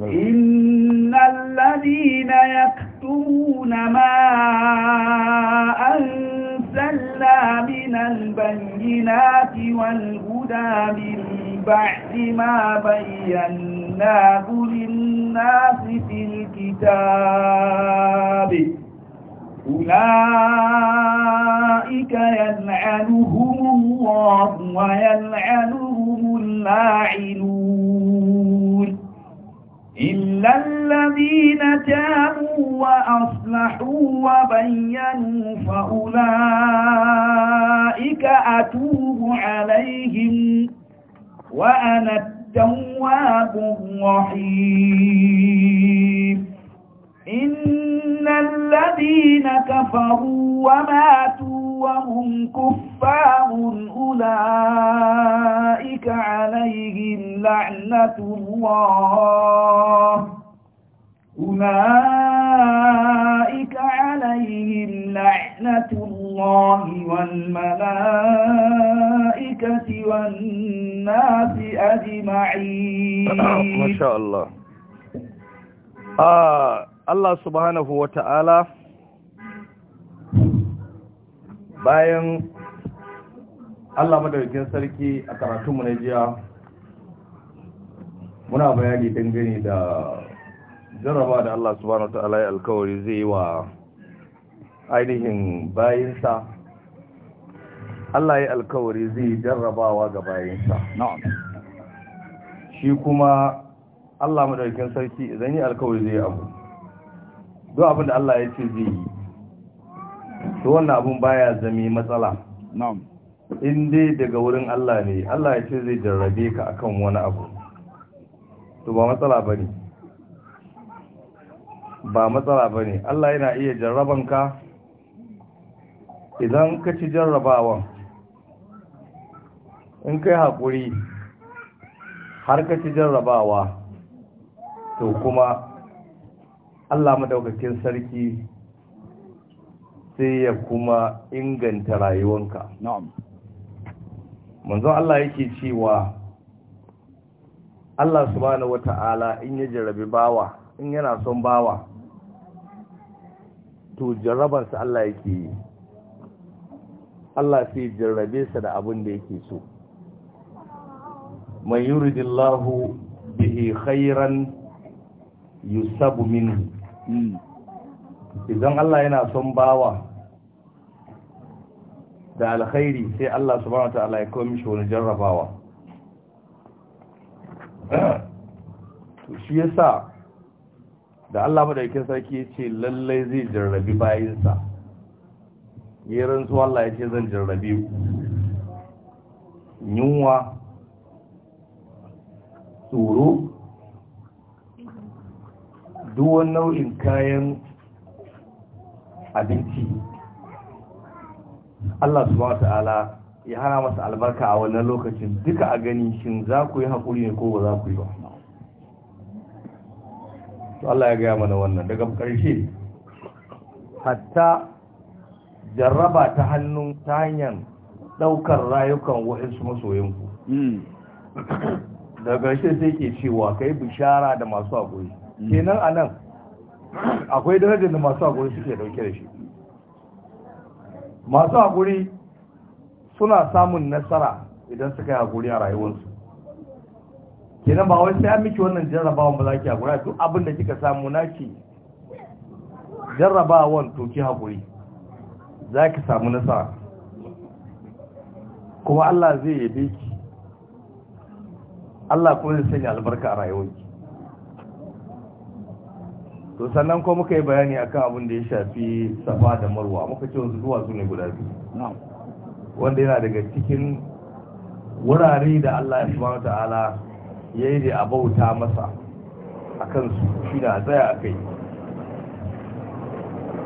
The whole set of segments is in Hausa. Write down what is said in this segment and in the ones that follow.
نعم. إن الذين يكتمون ما أنزلنا من البينات والهدى من بعد ما بيناه للناس في الكتاب أولئك يلعنهم الله ويلعنهم اللاعنون إلا الذين تابوا وأصلحوا وبينوا فأولئك أتوب عليهم وأنا التواب الرحيم إن الذين كفروا وماتوا وهم كفار أولئك عليهم لعنة الله أولئك عليهم لعنة الله والملائكة والناس أجمعين ما شاء الله آه الله سبحانه وتعالى bayan allah madaukin sarki a karatunmu na jiya muna bayani dangane da jarraba da allah subhanahu ta'ala ya alkawari zai wa ainihin bayinsa allah ya alkawari zai jarrabawa ga bayinsa shi kuma allah madaukin sarki idan yi alkawari zai abu duk da allah ya ce zai yi to wannan abun baya zami matsala in dai daga wurin Allah ne Allah ya ce zai jarrabe ka akan wani abu to ba matsala bane ne ba matsala ba Allah yana iya jarraban ka idan ka ci jarrabawan in kai hakuri har ka ci jarrabawa to kuma Allah madaukakin sarki sai ya kuma inganta rayuwanka manzon Allah yake cewa Allah subhanahu wata'ala in ya jarabi bawa in yana son bawa to jarabarsa Allah yake yi Allah sai jarrabe sa da abin da yake so man yuridillahu bihi khairan yusabu minhu hmm. idan Allah yana son bawa da alkhairi sai Allah subhanahu wataala ya komi shi wani jarrabawa to shi yasa da Allah madaukakin sarki ce lallai zai jarrabi bayinsa ya su Allah yace zan jarrabi yunwa tsoro duk nau'in kayan abinci Allah subhanahu ta'ala ya hana masa albarka a wannan lokacin duka a gani shin za ku yi haƙuri ne ko ba za ku yi ba to Allah ya gaya mana wannan daga ƙarshe hatta jarraba ta hannun ta hanyar ɗaukar rayukan waɗansu masoyanku hmm. daga ƙarshe sai ke cewa ka yi bishara da masu haƙuri hmm. kenan a nan akwai darajar da masu haƙuri suke ɗauke da shi masu haƙuri suna samun nasara idan suka yi haƙuri a rayuwarsu kenan ba wai sai an miki wannan jarrabawan ba za ki haƙuri duk abin da kika samu naki jarrabawan to ki haƙuri za ki samu nasara kuma Allah zai yabe ki Allah kuma zai sanya albarka a rayuwarki to sannan ko muka yi bayani akan abin da ya shafi safa da marwa muka ce wasu duwatsu ne guda biyu wanda yana daga cikin wurare da Allah ya subhanahu ta'ala ya yi da abauta masa a kansu shi da tsaya a kai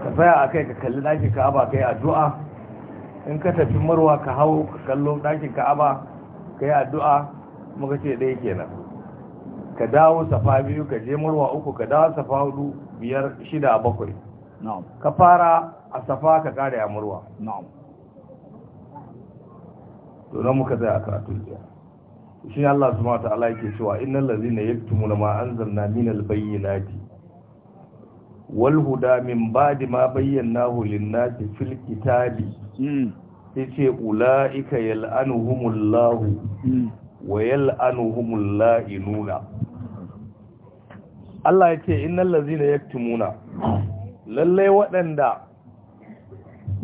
ka tsaya a kai ka kalli ɗakin ka'aba ka yi addu'a in ka tafi marwa ka hau ka kallo ɗakin ka'aba ka yi addu'a muka ce ɗaya kenan ka dawo safa biyu ka je murwa uku ka dawo safa hudu biyar shida bakwai ka fara a safa ka kare a murwa donan muka zai a karatun jiya shi Allah su mata Allah yake cewa innan na ya tumu na ma'anzar na albayi na wal huda min di ma bayyana hulun nasi fil kitabi sai hmm. ce ula'ika yal'anuhumullahu hmm. wa yal'anuhumul la'inuna Allah ya ce innal ladzina yaktumuna lalle waɗanda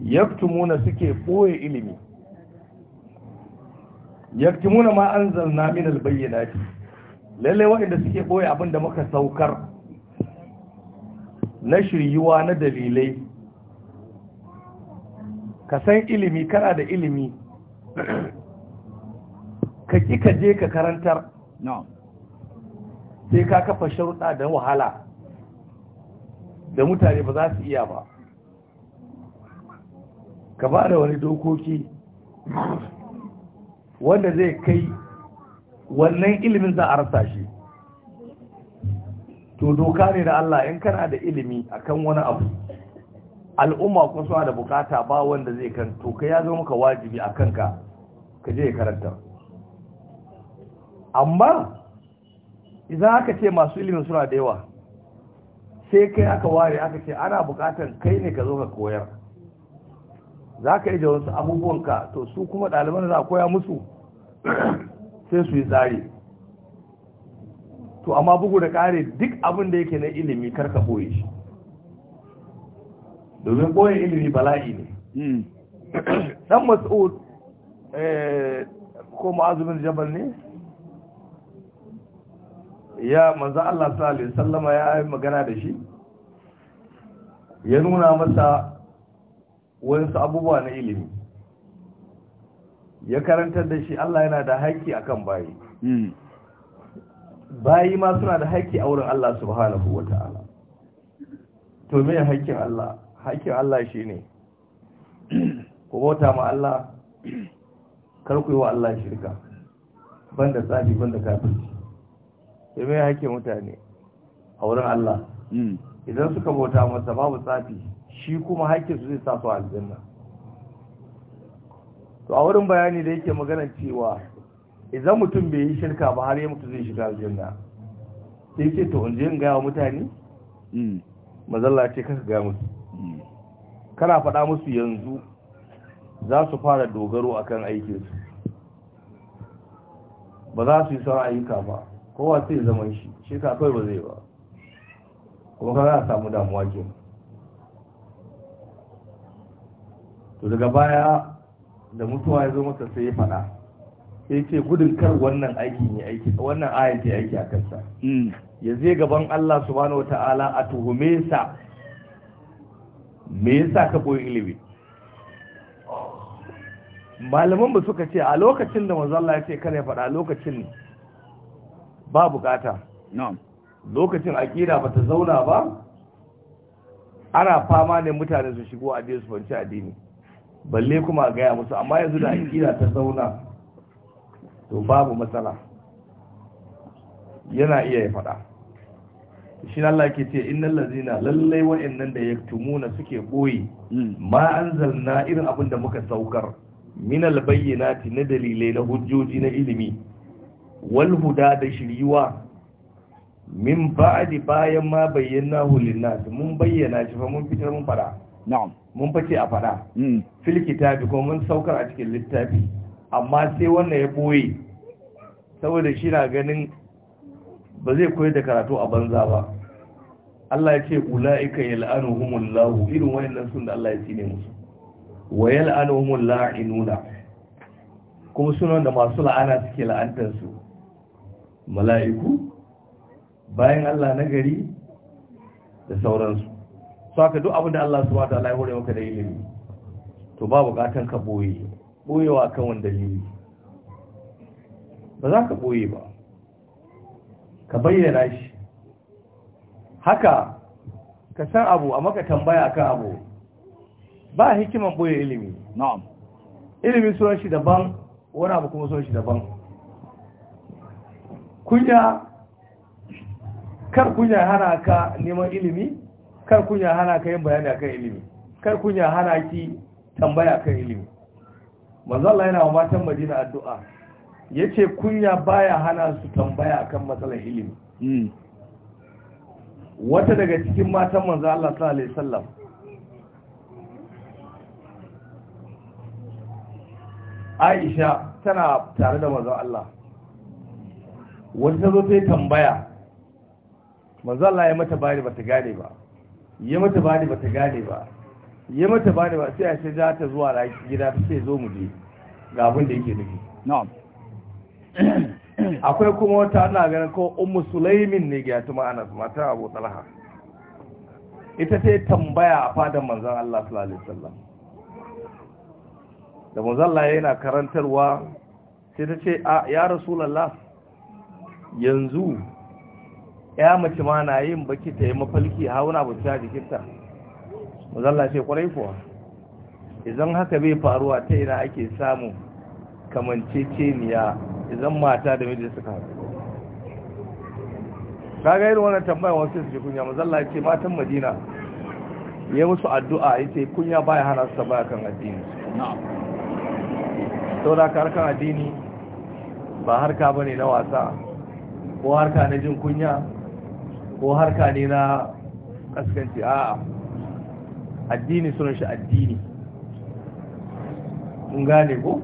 yaktumuna suke boye ilimi yaktumuna ma anzalna min albayyinati lalle waɗanda suke boye abinda muka saukar na shiryuwa na dalilai ka san ilimi kana da ilimi ka ki ka je ka karantar sai ka kafa sharuɗa da wahala da mutane ba za su iya ba ka ba da wani dokoki wanda zai kai wannan ilimin za a rasa shi to doka ne da Allah in kana da ilimi akan wani abu al'umma kuma suna da bukata ba wanda zai kan to ka ya zo maka wajibi a kanka ka je karanta amma idan aka ce masu ilimin suna da yawa sai kai aka ware aka ce ana bukatan kai ne ka zo ka koyar za ka yi da wasu abubuwanka to su kuma ɗaliban da za a koya musu sai su yi tsari to amma bugu da ƙare duk abin da yake na ilimi karka ɓoye shi domin ɓoye ilimi bala'i ne ɗan hmm. mas'ud eh, ko ma'azumin jabal ne ya manzo Allah sallallahu alaihi sallama ya yi magana da shi ya nuna masa wasu abubuwa na ilimi ya karantar da shi Allah yana da haƙƙi akan bayi hmm. bayi ma suna da haƙƙi a wurin Allah subhanahu wata'ala to me haƙƙin Allah haƙƙin Allah shine ku bauta ma Allah kar ku yi wa Allah shirka banda tsafi banda kafirci sai mai hake mutane a wurin Allah hmm. idan suka bauta masa babu tsafi shi kuma hakkin su zai sa su aljanna to a wurin bayani da yake magana cewa idan mutum bai yi shirka ba har ya mutu zai shiga aljanna sai ce to gaya wa mutane hmm. mazalla ce kaka gaya musu hmm. kana faɗa musu yanzu za su fara dogaro akan aikinsu ba za su yi sauran ayyuka ba kowa sai zaman shi shi ka kawai ba zai ba kuma ka za samu damuwa ke to daga baya da mutuwa ya zo masa sai ya fada sai ce gudun kar wannan aiki ne aiki wannan ayan ce aiki a kansa mm. ya zai gaban Allah subhanahu wata'ala a tuhume sa me yasa ka koyi ilimi malaman ba suka ce a lokacin da manzo Allah ya ce kare faɗa lokacin ba bukata lokacin akida ba ta zauna ba ana fama ne mutane su shigo a su fanci addini balle kuma a gaya musu amma yanzu da akida ta zauna to babu matsala yana iya ya faɗa shi Allah ke ce innal lazina lallai wa'annan da yaktumuna suke boye hmm. ma anzalna irin abin da muka saukar min albayyinati na dalilai na hujjoji na ilimi walhuda da shiriwa min ba'adi bayan ma bayyana linnas mun bayyana shi fa mun fitar mun fara na'am mun fice a fara hmm. fil kitabi ko mun saukar a cikin littafi amma sai wannan ya boye saboda shi na ganin ba zai koyar da karatu a banza ba Allah ya ce ula'ika yal'anuhumullahu irin wayannan sun da Allah ya tsine musu wa yal'anuhumul la'inuna kuma sunan da masu la'ana suke la'antar su mala'iku bayan Allah na gari da sauransu su haka duk abinda Allah su wata Allah ya hore maka da ilimi to babu gatan ka boye boyewa kan wani dalili ba za ka boye ba ka bayyana shi haka ka san abu a maka tambaya kan abu ba hikiman boye ilimi na'am ilimin sunan shi daban wani abu kuma sunan shi daban kunya kar kunya hana ka neman ilimi kar kunya hana ka yin bayani akan ilimi kar kunya hana ki tambaya akan ilimi manzo Allah yana wa matan Madina addu'a yace kunya baya hana su tambaya akan matsalar ilimi hmm. wata daga cikin matan manzo Allah sallallahu alaihi wasallam Aisha tana tare da manzo Allah Wani ta zo sai tambaya Allah ya mata bari ba ta gane ba ya mata bari ba ta gane ba ya mata bari ba sai a ce za ta zuwa da gida ta ce zo mu je ga abin da yake nufi akwai kuma wata ana ganin ko ummu sulaimin ne ga ma'ana su mata abu talha ita ta tambaya a fadan manzan Allah sallallahu alaihi wasallam da manzan Allah yana karantarwa sai ta ce a ya rasulullah yanzu ya mace ma na yin baki ta yi mafalki hauna bacci a jikinta mazalla ce kwarai kuwa idan haka bai faruwa ta ina ake samu kamanceceniya idan mata da miji suka haɗu ga irin wannan tambaya wasu su ji kunya mazalla ce matan madina ya musu addu'a ya ce kunya baya hana su baya kan addini da ka harkar addini ba harka ba ne na wasa ko harka na jin kunya ko harka ne na kaskanci a addini sunan shi addini sun gane ko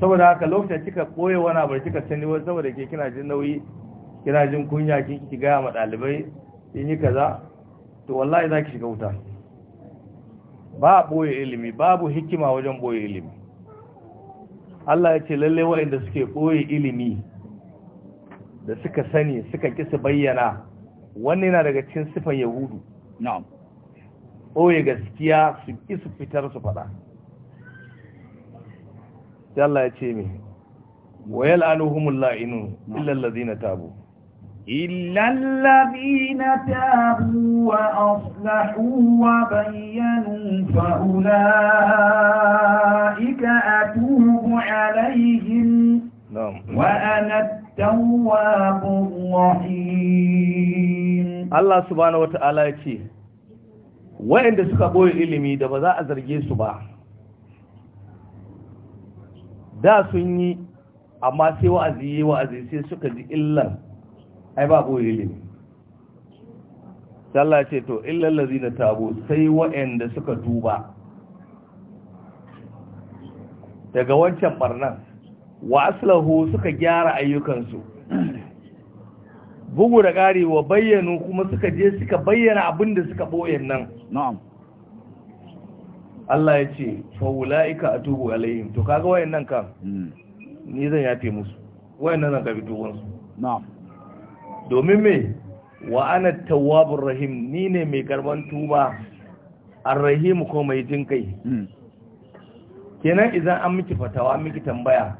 saboda haka lokacin kika koye wani abu kika sani wani saboda ke kina jin nauyi kina jin kunya kin ki ga ma dalibai in yi kaza to wallahi za ki shiga wuta ba boye ilimi babu hikima wajen boye ilimi Allah ya ce lalle waɗanda suke boye ilimi da suka sani suka ki su bayyana wannan yana daga cikin sifan yahudu na'am oye gaskiya su ki su fitar su fada sai Allah ya ce mi wayal anuhumul la'inu illa allazina tabu tabu wa aslahu wa bayyanu fa وبينوا atubu أتوب na'am wa وأنا Allah الرحيم الله سبحانه وتعالى يتي wa'inda suka ɓoye ilimi da ba za a zarge su ba da sun yi amma sai wa'azi yi wa'azi sai suka ji illar ai ba ɓoye ilimi Talla ce to lazi da tabo sai wa'inda suka duba daga wancan ɓarnar. wa aslahu suka gyara ayyukansu bugu da ƙari wa bayyanu kuma suka je suka bayyana abin da suka ɓoyen nan na'am Allah ya ce a atubu alaihim to kaga wayannan kan hmm. ni zan yafe musu wayannan zan kafi tubansu na'am domin me wa ana tawwabur rahim ni ne mai karban tuba arrahim ko mai jin kai hmm. kenan idan an miki fatawa miki tambaya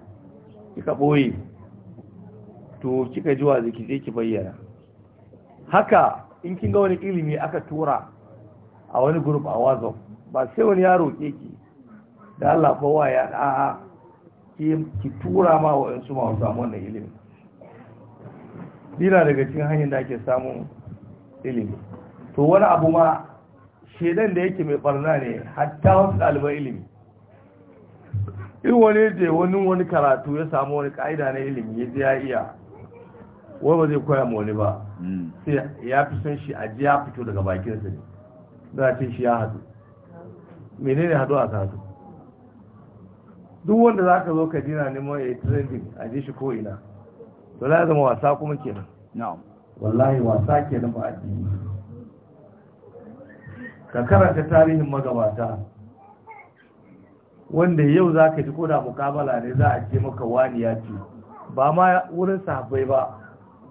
kika ɓoye to kika ji wa ziki ki bayyana haka in kin ga wani ilimi aka tura a wani group a whatsapp ba sai wani yaro ke ki da Allah kowa ya a'a ki tura ma wa yansu ma samu wannan ilimi dina daga cikin hanyar da ake samu ilimi to wani abu ma shedan da yake mai barna ne hatta wasu ɗaliban ilimi in wani da wani wani karatu ya samu wani ka'ida na ilimi ya ji ya iya wani ba zai koya wani ba hmm. sai ya fi son shi a ji ya fito daga bakinsa ne za a ce shi ya mene menene hadu a kasu? duk wanda za ka zo ka dina neman ya yi trending a ji shi ko'ina to ya zama wasa kuma kenan wallahi wasa kenan ba a ka karanta tarihin magabata wanda yau za ka ji koda mukabala ne za a ce maka wani ya ce ba ma wurin sahabai ba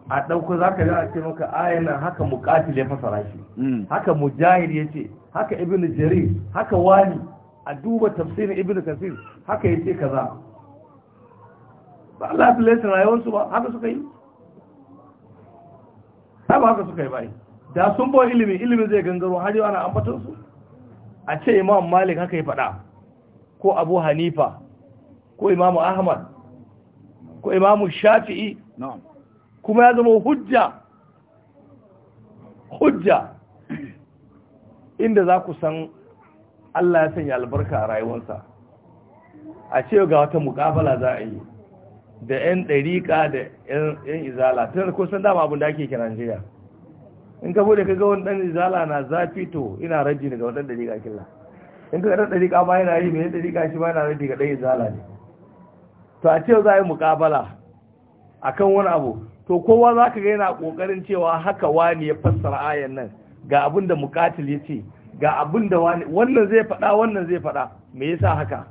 a ɗauko za ka ji a ce maka ayan haka mukatil ya fasara shi hmm. haka mujahid ya ce haka ibn jari haka wani a duba tafsirin ibn kasir haka ya ce kaza ba Allah ya lesa rayuwarsu ba haka suka yi ba haka suka yi bai da sun bawa ilimi ilimin zai gangaro har yau ana ambatonsu su a ce imam malik haka ya faɗa ko abu hanifa ko imamu ahmad ko imamu shafi'i kuma ya zama hujja hujja inda za ku san Allah ya sanya albarka a rayuwarsa a ce ga wata mukabala za a yi da 'yan ɗariƙa da 'yan izala tun da kusan dama abin da ake a Najeriya in ka bude ka ga wani ɗan izala na zafi to ina raji daga wata ɗariƙa killa in ka ɗan ɗariƙa ba yana yi mai ɗariƙa shi ba yana rabi ga ɗaya zala ne to a ce za a yi muƙabala a kan wani abu to kowa za ka ga yana ƙoƙarin cewa haka wani ya fassara ayan nan ga abin da muƙatil ya ce ga abin da wani wannan zai faɗa wannan zai faɗa me yasa haka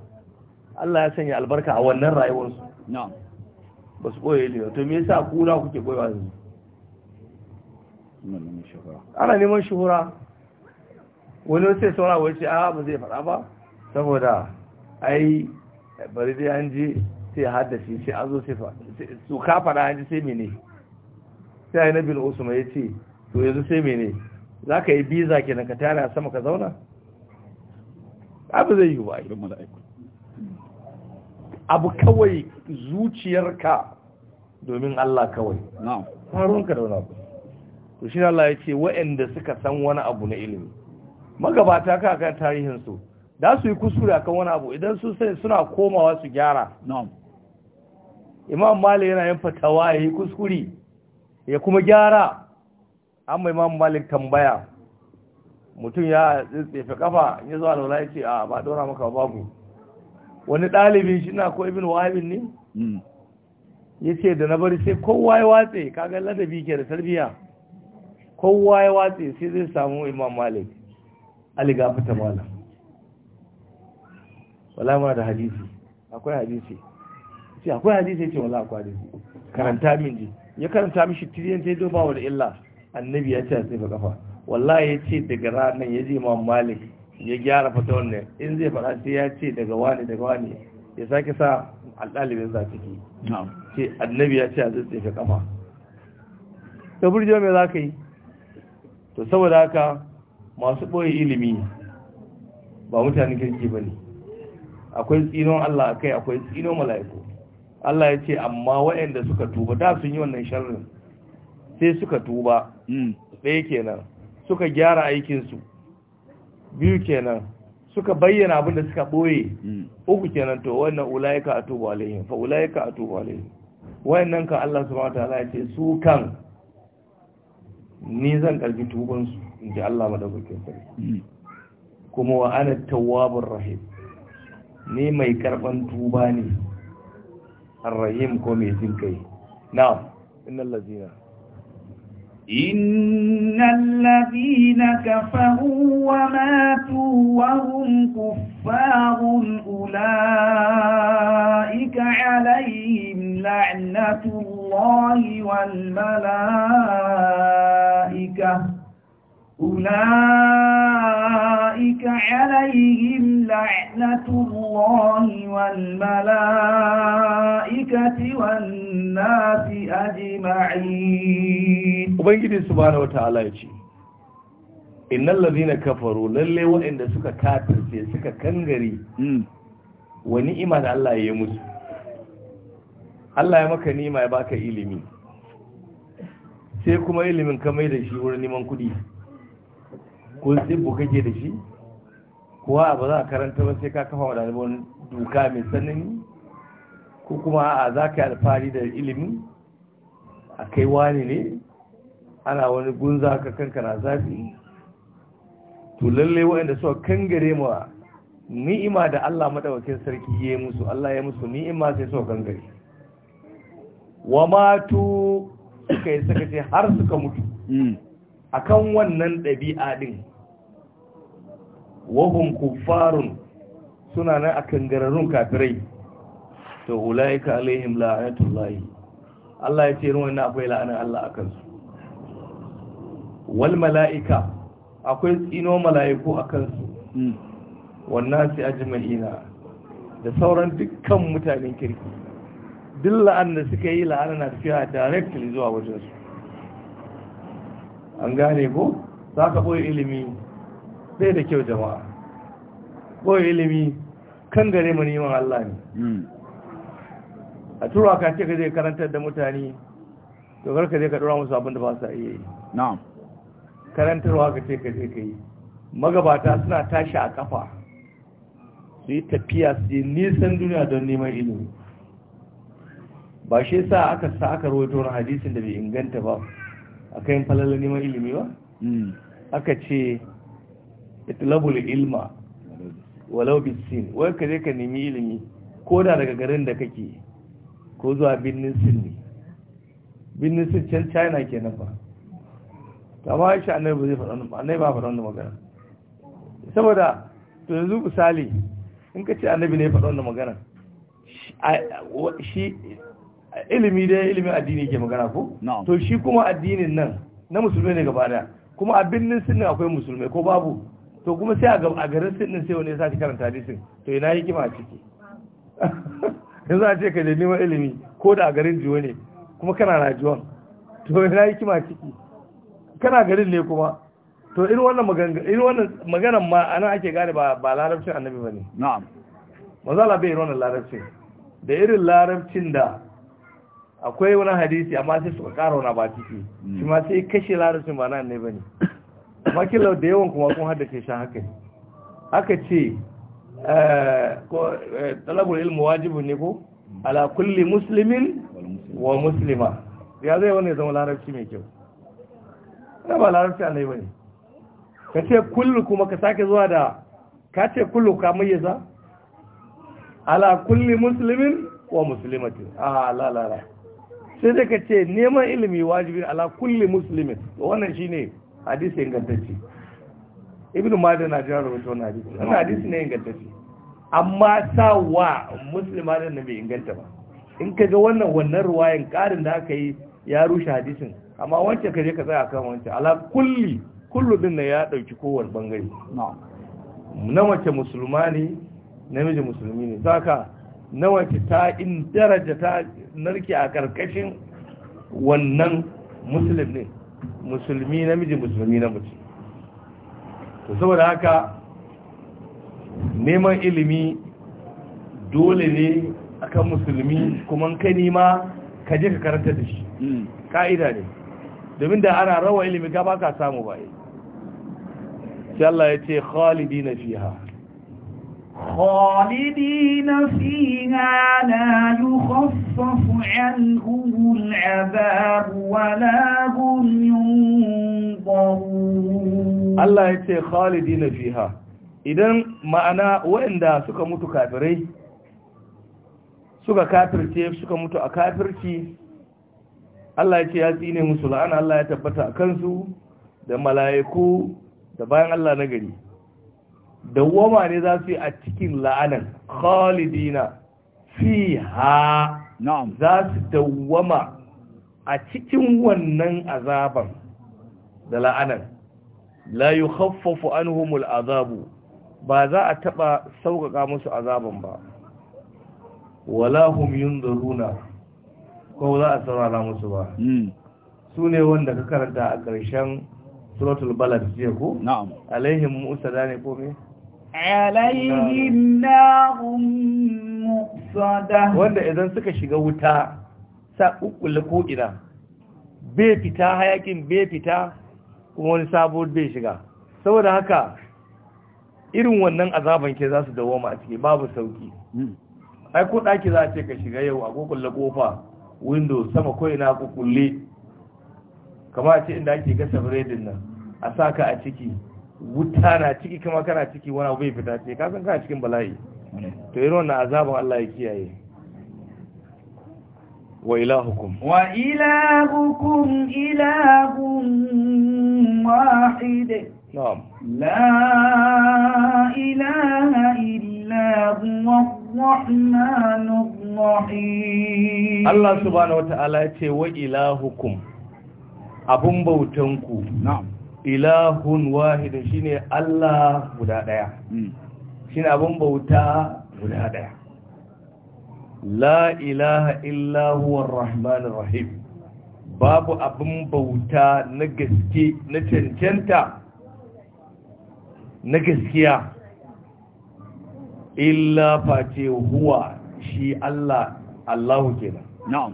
Allah ya sanya albarka a wannan rayuwarsu ba su ɓoye ne to me yasa kuna kuke ɓoyewa yanzu ana neman shuhura wani sai saura wai ce a ba zai fada ba saboda ai bari dai an ji sai haddashi sai an zo sai su ka faɗa an ji sai mene sai ai nabil usman ya ce to yanzu sai mene za ka yi biza kenan ka tara sama ka zauna abu zai yi ba abu kawai zuciyarka domin Allah kawai ka da wani abu to shi Allah ya ce wa'anda suka san wani abu na ilimi magabata ka tarihin tarihinsu da su yi kuskure akan wani abu idan su sai suna komawa su gyara imam malik yana yin fatawa ya yi kuskure ya kuma gyara amma imam malik tambaya mutum ya tsefe kafa ya zo alwala ya ce a ba dora maka babu wani ɗalibi shi na ko ibn wahabin ne hmm. ya ce da na bari sai kowa ya watse kagan ladabi ke da tarbiyya kowa ya watse sai zai samu imam malik aliga fita mala wala ma da hadisi akwai hadisi ce akwai hadisi ce wala akwai hadisi karanta min ji ya karanta mishi tiriyan ta yi doba wa da illa annabi ya ce a tsefa kafa wallahi ya ce daga ranar ya je ma malik ya gyara fata wannan in zai faɗa sai ya ce daga wani daga wani ya sake sa alɗalibin za ciki ce annabi ya ce a zai tsefa kafa ta burjiya mai za ka yi to saboda haka masu ɓoye ilimi ba mutane kirki ba ne akwai tsinon Allah akai akwai tsinon mala'iku Allah ya ce amma waɗanda suka tuba da sun yi wannan sharrin sai suka tuba hmm. ɗaya kenan suka gyara aikinsu biyu kenan suka bayyana abin da suka ɓoye hmm. uku kenan to wannan ula'ika a tuba alaihim fa ula'ika a tuba alaihim wayannan kan Allah subhanahu wataala ya ce su kan ni zan karbi tubansu in ji Allah madaukakin sarki hmm. kuma wa ana tawwabur rahim ni mai karban tuba ne ar-rahim ko mai jin kai na'am innal ladina إن الذين كفروا وماتوا وهم كفار أولئك عليهم لعنة الله الله والملائكة أولئك عليهم لعنة الله والملائكة والناس أجمعين وبنجد سبحانه وتعالى يجي innal ladina kafaru lallai waɗanda suka kafirce suka kangare wani iman Allah ya mutu. Allah ya maka nima ya baka ilimi sai kuma ilimin ka mai da shi wurin neman kuɗi ko tsibbu kake da shi kuwa ba za a karanta ba sai ka kafa wa ɗaliban duka mai tsanani ko kuma a za ka yi alfahari da ilimi a kai wani ne ana wani gunza ka kanka na zafi to lallai waɗanda suka kangare ma ni'ima da Allah madawakin sarki ya yi musu Allah ya musu ni'ima sai suka kangare wa matu suka yi suka ce har suka mutu hmm. a kan wannan ɗabi'a ɗin wahun kufarun suna nan a kan gararrun kafirai to ulaika alaihim la'ayatullahi Allah ya ce ruwan akwai la'anar Allah a kansu wal mala'ika akwai tsino mala'iku a kansu hmm. wannan su ajma'ina da sauran dukkan mutanen kirki duk la'an da suka yi la'ana na tafiya directly zuwa wajen su, an gane ko za ka ɓoye ilimi sai da kyau jama'a ɓoye ilimi kan gare mu neman Allah ne hmm. a turwa ka ce ka zai karantar da mutane to ka zai ka ɗora musu abin da ba sa iya yi karantarwa ka ce ka zai ka yi magabata suna tashi a kafa su yi tafiya su yi nisan duniya don neman ilimi ba shi sa aka sa aka rawaito wani hadisin da bai inganta ba a yin falala neman ilimi ba hmm. aka ce itlabul ilma walau sin wai ka je ka nemi ilimi ko da daga garin da kake ko zuwa birnin sin ne birnin sin can china kenan ba amma ya shi ba zai faɗa annabi ba faɗa magana saboda to yanzu misali in ka ce annabi ne faɗa wannan magana shi ilimi dai ilimin addini ke magana ko to shi kuma addinin nan na musulmai ne gaba daya kuma a birnin sinin akwai musulmai ko babu to kuma sai a garin sinnin sai wani ya sashi karanta hadisin to ina hikima a ciki yanzu a ce ka je neman ilimi ko da a garin jiwo ne kuma kana jiwon? to ina hikima a ciki kana garin ne kuma to irin wannan magana irin wannan maganan ma ana ake gane ba ba larabcin annabi bane na'am maza Allah bai irin wannan larabcin da irin larabcin da akwai wani hadisi amma sai suka ƙara wani ba ciki hmm. shi ma sai kashe larabcin ba nan ne ba ne amma kila da yawan kuma kun ke sha haka ne haka ce eh, eh, talabar ilmu wajibu ne ko hmm. ala kulli muslimin wa muslima ya zai wani zama larabci mai kyau na ba larabci a ba ne ka ce kullu kuma ka sake zuwa da ka ce kullu ka mayyaza ala kulli muslimin wa muslimatin a ah, la la la sai da ka ce neman ilimi wajibi ala kulli musulmi to wannan ne hadisi ingantacce ibn Mada na jira rubuta wani hadisi wani hadisi ne ingantacce amma sa wa musulma da bai inganta ba in ka ga wannan wannan ruwayan karin da aka yi ya rushe hadisin amma wancan ka je ka tsaya kan wancan ala kulli kullu din ya dauki kowane bangare na mace musulma ne namiji musulmi ne Za ka na wace ta in daraja ta narke a karkashin wannan musulmi ne musulmi namiji musulmi na mace to saboda haka neman ilimi dole ne akan musulmi kuma kai ma ka je ka karanta da shi hmm. ka'ida ne domin da ana rawa ilimi ga baka samu ba sai Allah ya ce na fiha خالدين na لا يخفف يخفف عنهم العذاب ولا هم ينظرون الله يتي خالدين فيها idan ma'ana waɗanda suka mutu kafirai suka kafirce suka mutu a kafirci Allah ya ce ya tsine musu la'ana Allah ya tabbata a kansu da mala'iku da bayan Allah na gari dawwama ne za su yi a cikin la'anan khalidina fiha Na'am. za su dawwama a cikin wannan azaban da la'anar la yi haffafu an humul azabu ba za a taɓa sauƙaƙa musu azaban ba wala hum yin ko za a saurara musu ba hmm. su ne wanda ka karanta a ƙarshen suratul balad jiya ko? na'am alaihim musa da ne ko alaihim narun wanda idan suka shiga wuta sa ukkula ko ina bai fita hayakin bai fita kuma wani sabo bai shiga saboda haka irin wannan azaban ke za su dawoma a ciki babu sauki ai ko daki za a ce ka shiga yau a kokulle kofa window sama ko'ina ina kukulle kamar a ce inda ake gasa biredin nan a saka a ciki wuta na ciki kama kana ciki wani abu bai fita ce ka san kana cikin bala'i to irin wannan azabin Allah ya kiyaye wa ilahukum wa ilahukum ilahun wahid na'am la ilaha illa huwa rahmanur rahim Allah subhanahu wa ta'ala ya ce wa ilahukum abun bautanku na'am ilahun wahidun shine Allah guda daya hmm. shine abun bauta guda daya la ilaha illa huwa rahmanir rahim babu abin bauta na gaske na cancanta na gaskiya illa face huwa shi Allah Allahu kenan na'am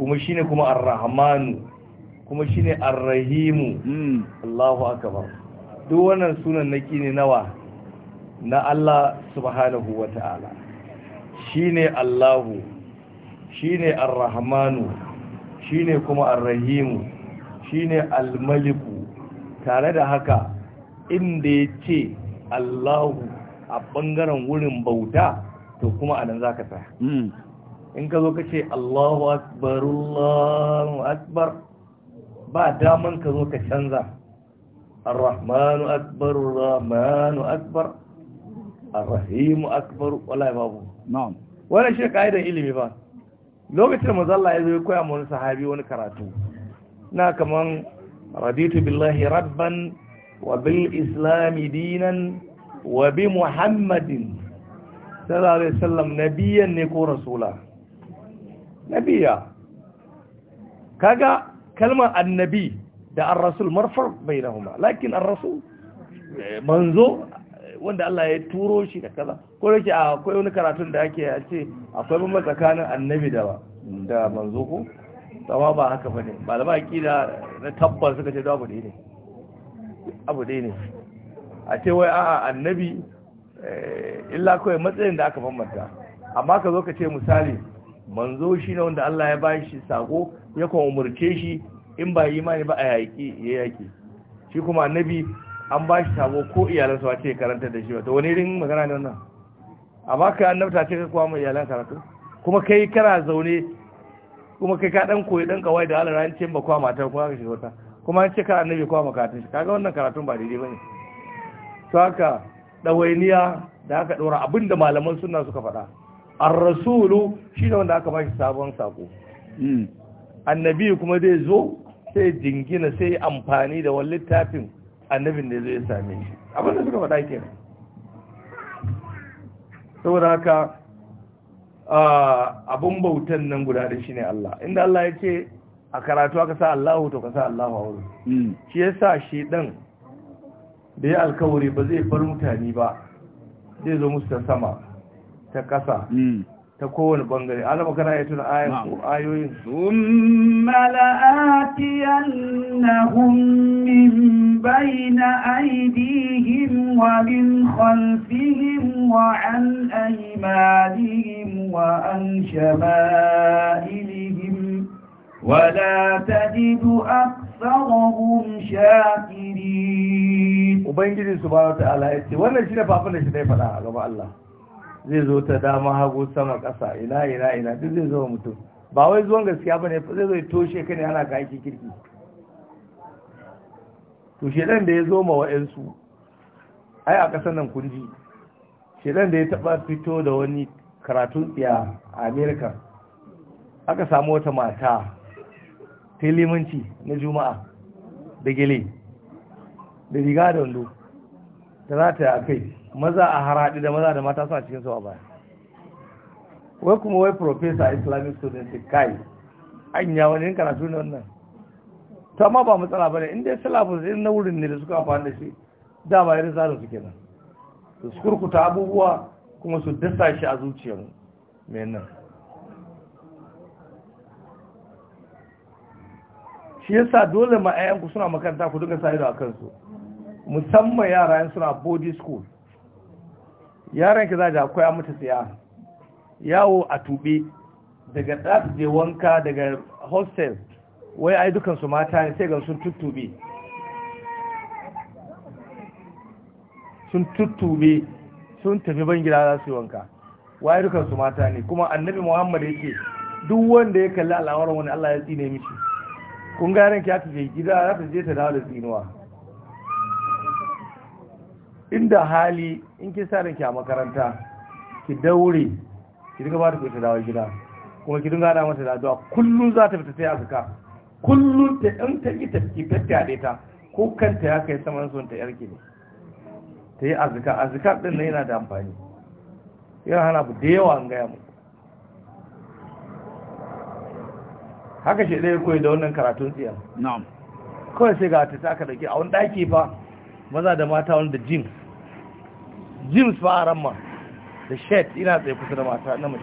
kuma shine kuma ar-rahmanu kuma shine arrahimu hmm. Allahu akbar duk wannan sunan na ne nawa na Allah subhanahu wata'ala shine Allahu shine arrahmanu shine kuma arrahimu shine almaliku tare da haka inda ya ce Allahu a bangaren wurin bauta to kuma anan zaka ta. Hmm. in ka zo ka ce Allahu akbar Allahu akbar ba daman ka zo ka canza ar-rahmanu akbar rahmanu akbar ar-rahimu akbar wallahi babu na'am wannan shi kaidan ilimi ba lokacin manzo Allah ya zo ya koya mana sahabi wani karatu na kaman raditu billahi rabban wa bil islam dinan wa bi muhammadin sallallahu alaihi wasallam nabiyan ne ko rasula nabiya kaga kalmar annabi da marfar bai na huma lakin arrasul eh, manzo eh, wanda Allah ya turo shi da kaza ko yake akwai wani karatun da ake a ce akwai bamba tsakanin annabi da da manzo ko tsawa ba haka ne. bane malama akida na tabbas suka ce abu dai ne abu dai ne a ce wai a'a annabi eh, illa kawai matsayin da aka bambanta amma ka zo ka ce misali manzo shi ne wanda Allah ya bashi sako kuma umurce shi in ba yi mani ba a yaƙi ya yaƙi shi kuma annabi an ba shi sabo ko iyalansa ba ce karanta da shi ba to wani irin magana ne wannan amma kai ta ce ka kuma mai iyalan karatu kuma kai kana zaune kuma kai ka dan koyi dan kawai da Allah ran ce ba kuma mata kuma ka shiga wata kuma an ce ka annabi kuwa makatun shi kaga wannan karatun ba daidai bane to haka dawainiya da aka dora abinda malaman sunna suka faɗa ar-rasulu ne wanda aka ba shi sabon sako hmm. annabi kuma zai zo sai jingina sai amfani da wani littafin annabin da zai same shi abin da suka faɗa ke saboda haka abin bautan nan guda da shi ne Allah inda Allah ya ce a karatu aka sa Allahu to ka sa Allahu a wuri hmm. shi ya sa shi ɗan da ya alkawari ba zai bar mutane ba zai zo musu ta sama ta ƙasa hmm. ta kowane bangare alama kana ya tuna ayan ko ayoyin thumma la'atiyannahum min bayna aydihim wa min khalfihim wa an aymanihim wa an shama'ilihim wa la tajidu aktharahum shakirin ubangiji subhanahu wa ta'ala yace wannan shine ne fafin da shi ne fada gaba Allah zai zo ta dama hagu sama ƙasa ina ina ina duk zai zo mutum ba wai zuwan gaskiya ba ne zai zo toshe ka ne ana ka aiki kirki to shedan da ya zo ma wa'ansu ai a ƙasar nan kunji shedan da ya taɓa fito da wani karatun tsiya a amerika aka samu wata mata ta limanci na juma'a da gele da riga da wando ta za ta yi a kai maza a haraɗi da maza da mata suna cikin su a baya wai kuma wai professor islamic student kai anya wani yin karatu ne wannan to amma ba matsala ne, inda ya syllabus din na wurin ne da suka amfani da shi dama irin tsarin suke nan. su kurkuta abubuwa kuma su dasa shi a zuciyar mai nan shi yasa dole ma 'ya'yanku suna makaranta ku duka sa ido a kansu musamman yara yan suna body school yaran ki za akwai a mata tsaya yawo a tube daga ɗas je wanka daga hostel wai ai dukansu mata ne sai ga sun tuttube sun tuttube sun tafi ban gida za su yi wanka yi dukansu mata ne kuma annabi muhammad yake duk wanda ya kalli al'awar wani allah ya tsine mishi kun ga ki ya je gida za ta je ta dawo da tsinuwa inda hali in ki sa ranki a makaranta ki daure ki dinga ba ta kuɗi ta dawo gida kuma ki dinga da mata da addu'a kullum za ta fita ta yi azuka kullum ta in ta yi tafi fatta ta ko kanta ya kai saman son ta yarki ne ta yi azuka azuka din nan yana da amfani yana hana bu da yawa an gaya mu. haka shi ɗaya koyi da wannan karatun tsiyar kawai sai ga ta aka dauke a wani ɗaki fa maza da mata wani da jim jeans ba a ramma da shirt ina tsaye kusa da mata na mace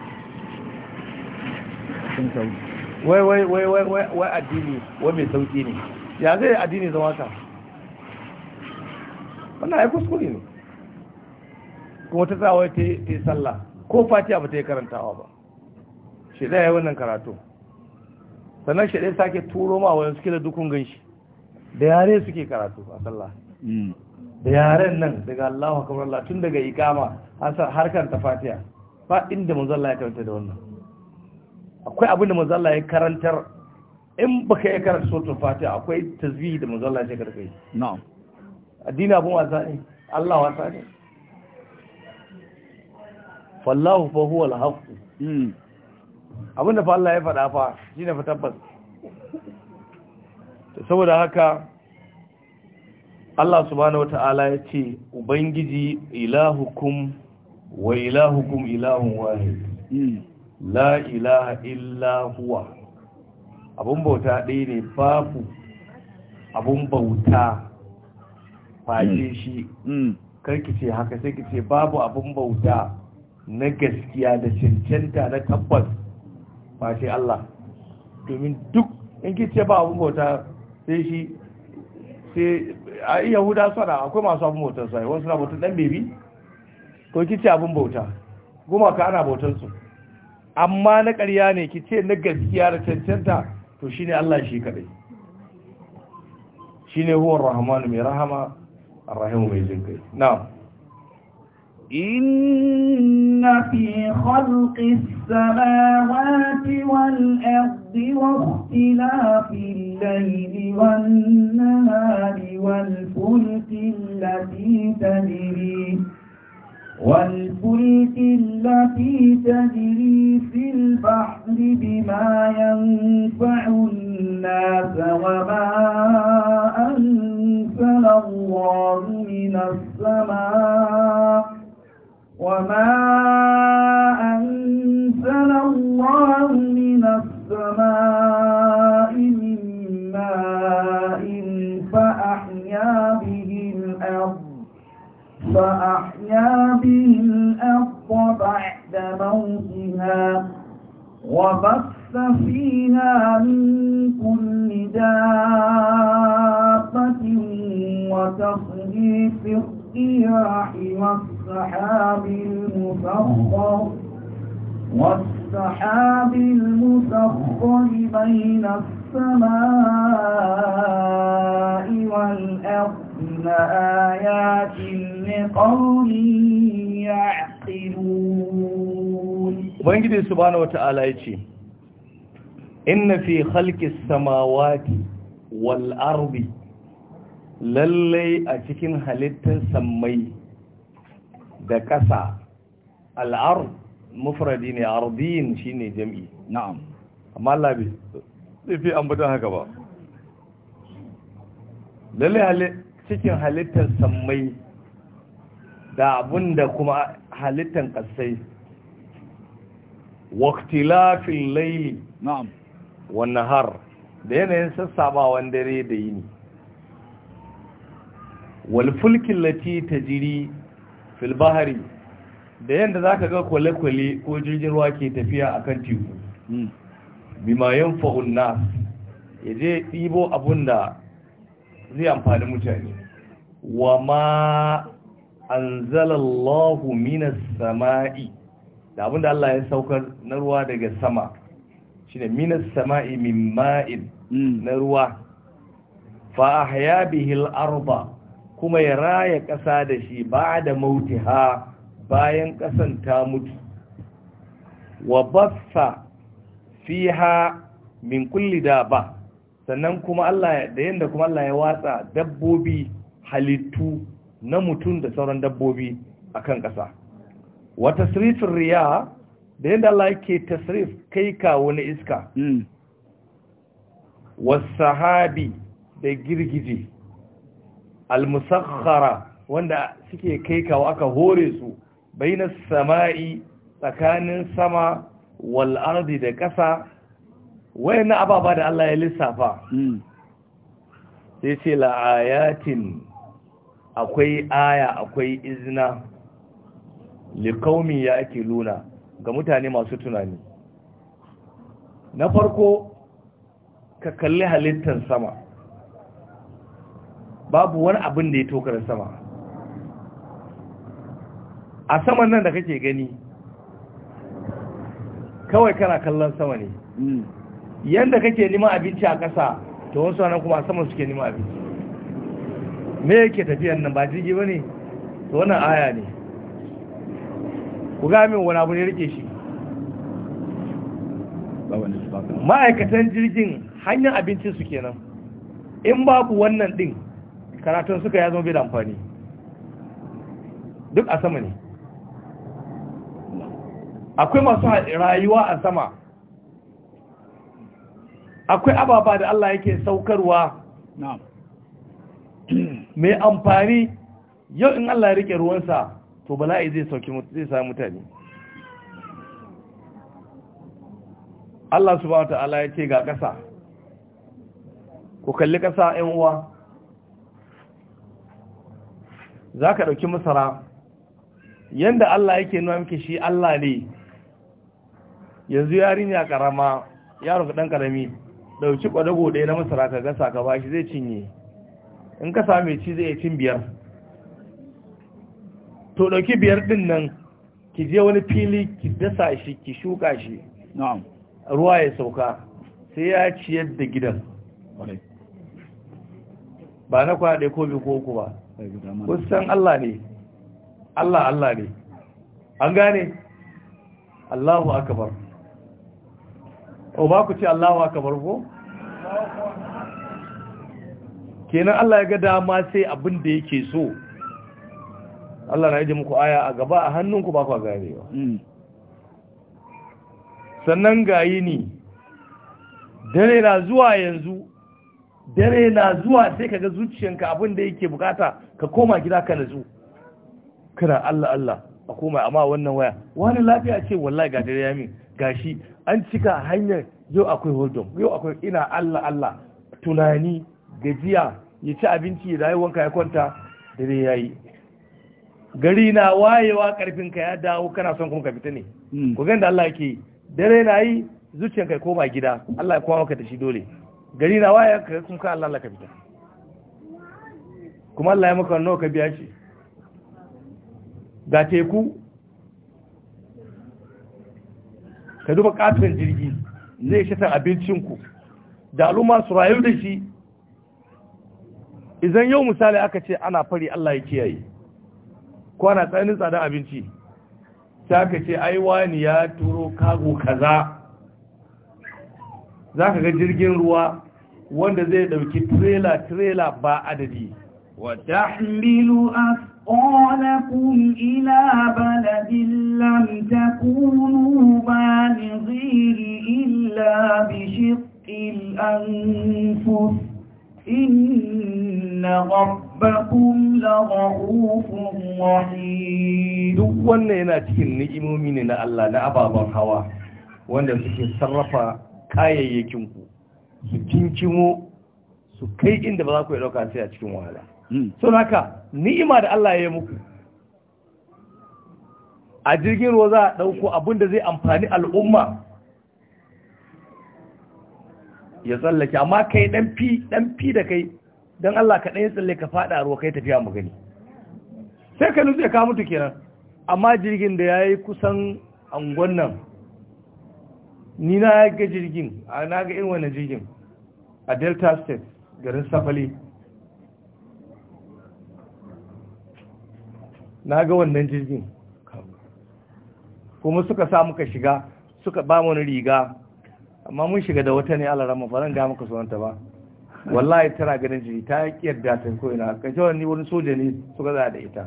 wai wai wai wai wai addini wai mai sauki ne ya zai addini zama ta wannan ya kuskure ne kuma ta sa wai ta yi sallah ko fati ba ta yi karantawa ba shi ɗaya wannan karatu sannan shi ɗaya sake turo ma wani suke da dukkan ganshi da yare suke karatu a sallah mm. da yaren nan daga Allahu akbar Allah tun daga ikama har ta Fatiya. ba inda manzo Allah ya karanta da wannan akwai abin da manzo Allah ya karantar in baka ya karanta suratul fatiha akwai tazbihi da manzo Allah ya karanta kai na'am addini abun wasa ne Allah wasa ne fallahu fa huwa al-haqq hmm. abin da fa Allah ya faɗa fa shine fa tabbas saboda haka Allah subhanahu wata'ala ya ce ubangiji ilahukum wa ilahukum ilahun wahid hmm. la ilaha illa huwa abun bauta ɗaya ne babu abun bauta Fashe hmm. shi hmm. karki ce haka sai ki ce babu abun bauta na gaskiya da cancanta na tabbas Fashe Allah domin duk in ki ce ba abun bauta sai shi sai a yahuda sana akwai masu abin bautar sai wasu na bautar dan bebi to ce abin bauta ka ana bautar su amma na ƙarya ne ki ce na gaskiya da cancanta to shine Allah shi kadai shine huwa rahmanu mai rahama arrahimu mai jinkai na'am إن في خلق السماوات والأرض واختلاف الليل والنهار والفلك التي تجري والفلك التي تجري في البحر بما ينفع الناس وما أنزل الله من السماء وما أنزل الله من السماء من ماء فأحيا به الأرض فأحيا به الأرض بعد موتها وبث فيها من كل دابة وتصريف الرياح والسماء والسحاب المسخر والسحاب المسخر بين السماء والأرض لآيات لقوم يعقلون وبنجي سبحانه وتعالى يجي إن في خلق السماوات والأرض للي أتكن cikin سَمَّيْ da ƙasa al'ar mufradi ne ardiyin shine jam'i na'am amma labi bai fi ambaton haka ba lalle cikin halittar sammai da abinda kuma halittar ƙasai waktilafin laili na'am wannan har da yanayin sassabawan dare da yini walfulkin lati ta jiri Filbahari, da yadda za ka ga kwale-kwale ko jirgin ruwa ke tafiya a kan teku hmm. bimayen fa'un ya je ɗibo abun da zai amfani mutane wa ma an zalallahu minas sama'i da abin da Allah ya saukar na ruwa daga sama shi ne minas sama'i min ma'in hmm. na ruwa fa'ahya bihil arba kuma ya raya ƙasa da shi ba da mautiha bayan ƙasan ta mutu wa baffa fiha min kulli da ba sannan kuma Allah da yadda kuma Allah ya watsa dabbobi halittu na mutum da sauran dabbobi a kan ƙasa wa tasrifin riya da yadda Allah yake tasrif kai ka wani iska hmm. Wa sahabi da girgije al wanda suke kai kawo aka hore su bayin sama'i tsakanin sama wal ardi da ƙasa wayanna ababa da Allah ya lissafa hmm. sai ce la ayatin akwai aya akwai izna liqaumi yaakiluna ga mutane masu tunani na farko ka kalli halittar sama babu wani abin da ya tokar sama a saman nan da kake gani kawai kana kallon sama ne hmm. yadda kake neman abinci a ƙasa to wasu nan kuma a saman suke neman abinci me yake tafiyan nan ba jirgi ba ne to wannan aya ne ku ga min wani abu ne rike shi ma'aikatan jirgin hanyar abincin su kenan in babu wannan din karatun suka ya zama bai da amfani duk a sama ne akwai masu rayuwa a sama akwai ababa da Allah yake saukarwa mai amfani yau in Allah ya rike ruwansa to bala'i zai sauki zai sa mutane Allah subhanahu wa ta'ala ya ce ga ƙasa ku kalli ƙasa 'yan uwa za ka ɗauki masara yadda Allah yake nuna miki shi Allah ne yanzu yarinya ƙarama, yaro ka ɗan ƙarami. ɗauki ƙwadago ɗaya na masara ka gasa ka ba shi zai cinye in ka same ci zai cin biyar to ɗauki biyar ɗin nan ki je wani fili ki dasa shi ki shuka shi ruwa ya sauka sai ya ciyar da gidan ba na kwaɗe ko bi ko ku ba wasu san Allah ne Allah Allah ne an gane Allahu akabar o ba ku ce Allahu akabar ko kenan Allah ya ga dama sai abin da yake so Allah na yi muku aya a gaba a hannunku ba ku ba. Hmm. sannan gayi ne dare na zuwa yanzu dare na zuwa sai ka ga zuciyanka abin da yake bukata ka koma gida ka nazu kana Allah Allah a koma amma wannan waya wani lafiya ce wallahi ga dare ya min gashi an cika hanyar yau akwai holdom yau akwai ina Allah Allah tunani gajiya ya ci abinci ya dawo wanka ya kwanta dare yayi gari na wayewa karfin ka ya dawo kana son kuma ka fita ne hmm. ku ganda Allah yake dare na yi zuciyanka koma gida Allah ya kuma maka da shi dole gari na waya ka kuma Allah Allah ka fita kuma Allah ya maka nawa ka biya shi ga teku ka duba katon jirgi zai shatan abincinku da al'umma su rayu da shi idan yau misali aka ce ana fari Allah ya kiyaye ko ana tsayanin tsadar abinci sai aka ce ai ya turo kago kaza za ka ga jirgin ruwa wanda zai ɗauki trela-trela ba adadi ila أثقالكم إلى بلد لم تكونوا بالغيه إلا بشق الأنفس إن ربكم لرؤوف رحيم duk wannan yana cikin ni'imomi ne na Allah na ababen hawa wanda suke sarrafa kayayyakinku su kinkimo su kai inda ba za ku yi ɗauka sai a cikin wahala hmm. sun haka ni'ima da Allah ya yi muku a jirgin ruwa za a ɗauko abin da zai amfani al'umma ya tsallake amma kai ɗan ɗan fi da kai don Allah ka ɗan tsalle ka faɗa ruwa kai tafiya mu gani sai ka nutse ka mutu kenan amma jirgin da ya yi kusan angon nan ni na ga jirgin a na ga irin wannan jirgin a delta state garin safale na ga wannan jirgin kuma suka sa muka shiga suka ba mu riga amma mun shiga da wata ne alarama ba zan ga muka sonanta ba wallahi tana ganin jiri ta yi yarda ta ko'ina kashe ni wani soja ne suka za da ita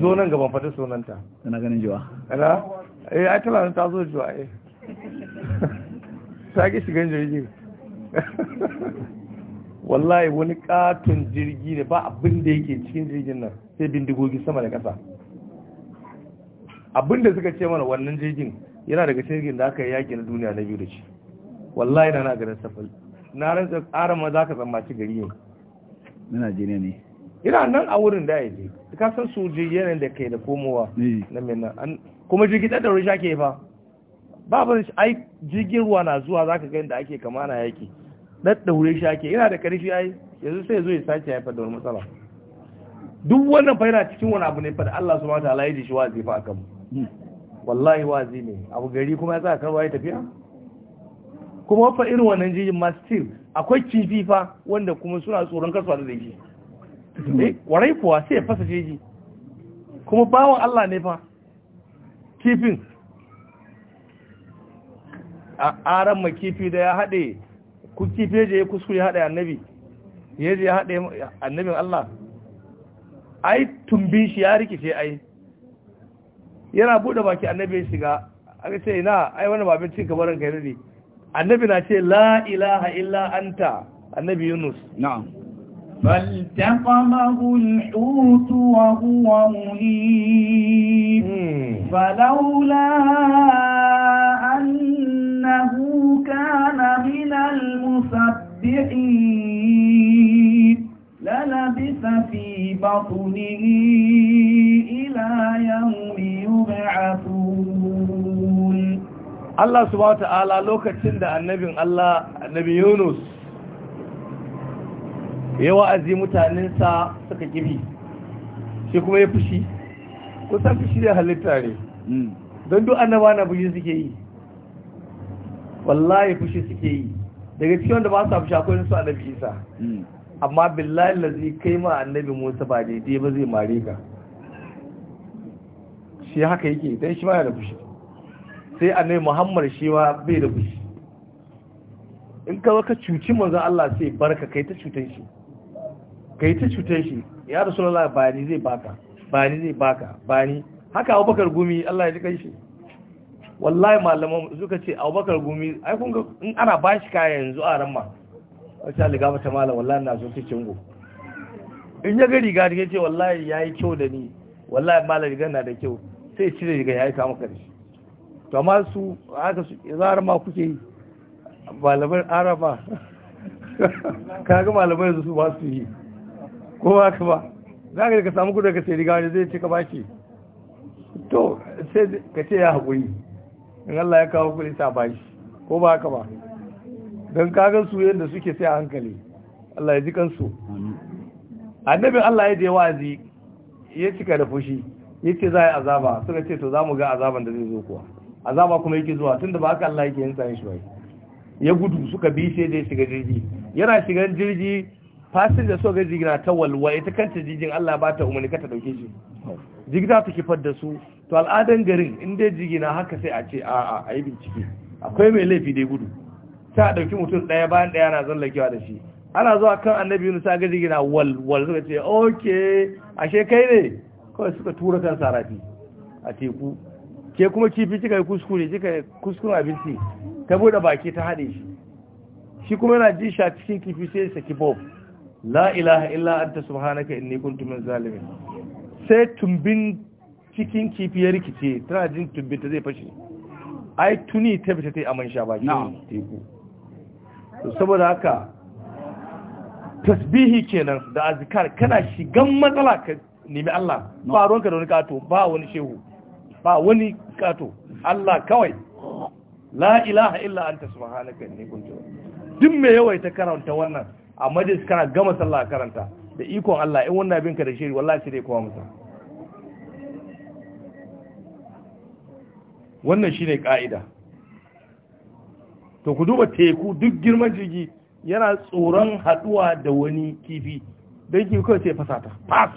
zo nan gaban fata sonanta tana ganin jiwa ya eh, ta tana ta zo jiwa eh ta ki shigan jirgi wallahi wani katon jirgi ne ba abin da yake cikin jirgin nan sai bindigogi sama da ƙasa abin da suka ce mana wannan jirgin yana daga jirgin da aka yi yaƙi na duniya na biyu da shi wallahi na na garin safal na rantsa tsarin ma za ka tsammaci gari ne na najeriya ne ina nan a wurin da ya je ka san su jirgin yanayin da kai da komowa eh. na mai nan kuma jirgin ɗaɗɗaure shi ake fa babu ai jirgin ruwa na zuwa za ka gani da ake kamana yake ɗaɗɗaure shi ake yana da ƙarfi ai yanzu sai zo ya sace haifar da wani matsala duk wannan fa yana cikin wani abu ne fa da Allah subhanahu wataala ya shi wazi fa akan wallahi wazi ne abu gari kuma ya sa karwa ya tafiya kuma fa irin wannan jirgin ma still akwai kifi fa wanda kuma suna tsoron kasuwa da jirgi eh warai kuwa sai ya fasa jirgi kuma bawan Allah ne fa kifin a aran ma kifi da ya haɗe ku kifi yaje je ya kuskure ya haɗe annabi ya je ya haɗe annabin Allah ai tumbin shi ya rikice ai yana buɗe baki annabi ya shiga aka ce ina ai wani babin cin kabarin kai ne annabi na ce la ilaha illa anta annabi yunus na'am فالتقمه الحوت وهو مليم فلولا أنه كان من المسبحين للبث في بطنه إلى يوم يبعثون الله سبحانه وتعالى لوكتشن ده النبي الله النبي يونس ya wa'azi mutanensa suka kibi shi kuma ya fushi kusan fushi da halitta ne hmm. don duk annaba na bugi suke yi wallahi fushi suke yi daga cikin wanda ba su hafi akwai su annabi isa hmm. amma billahi lalzi kai ma annabi musa ba daidai ba zai mare ka shi haka yake don shi ma da fushi sai annabi muhammad shi ma bai da fushi in ka ka cuci manzon Allah sai barka kai ta cutan shi kai ta cutar shi ya rasulullah ba ni zai baka ba ni zai baka ba ni haka abubakar gumi Allah ya ji kai shi wallahi malaman suka ce abubakar gumi ai kun ga in ana ba shi kaya yanzu a ranma ma wacce aliga mata malam wallahi na zo ta cingo in ya ga riga da ce wallahi ya yi kyau da ni wallahi malam riga na da kyau sai cire riga ya yi kama karshe to amma su haka su a ma kuke yi malaman arama kaga malamai su ba su yi ko ba ka ba za ka ka samu kudu ka sai riga wani zai ce ka ba shi to sai ka ce ya haƙuri in Allah ya kawo kudu ta ba shi ko ba ka ba don kagan su yadda suke sai a hankali Allah ya ji kansu annabin Allah ya dewa wa'azi ya cika da fushi ya ce za a yi azaba suka ce to za mu ga azaban da zai zo kuwa azaba kuma yake zuwa Tun da ba haka Allah yake yin tsayin shi ba ya gudu suka bi sai da ya shiga jirgi yana shigan jirgi fasin da so ga jigina ta walwa ita kanta jigin Allah ba ta umarni ka ta dauke shi jigina ta kifar da su to al'adan garin in dai jigina haka sai a ce a a yi bincike akwai mai laifi dai gudu ta dauki mutum daya bayan daya na zallakewa da shi ana zuwa kan annabi Yunus ga jigina wal wal suka ce oke ashe kai ne kawai suka tura kan sarafi a teku ke kuma kifi kika yi kuskure kika yi kuskuren abinci ta bude baki ta haɗe shi shi kuma yana ji sha cikin kifi sai ya saki bob la ilaha illa anta subhanaka inni kuntu min zalimin sai tumbin cikin kifi ya rikice tana jin tumbin ta zai fashe ai tuni ta fita ta yi aman sha baki teku saboda haka tasbihi kenan da azkar kana shigan matsala ka nemi Allah ba ruwanka da wani kato ba wani shehu ba wani kato Allah kawai la ilaha illa anta subhanaka inni kuntu duk me yawaita karanta wannan a majalis kana gama sallah a karanta da ikon Allah in wannan abin ka da shiri wallahi sai kowa musa wannan shine ka'ida to ku duba teku duk girman jirgi yana tsoron haduwa da wani kifi don kifi kawai sai fasata fas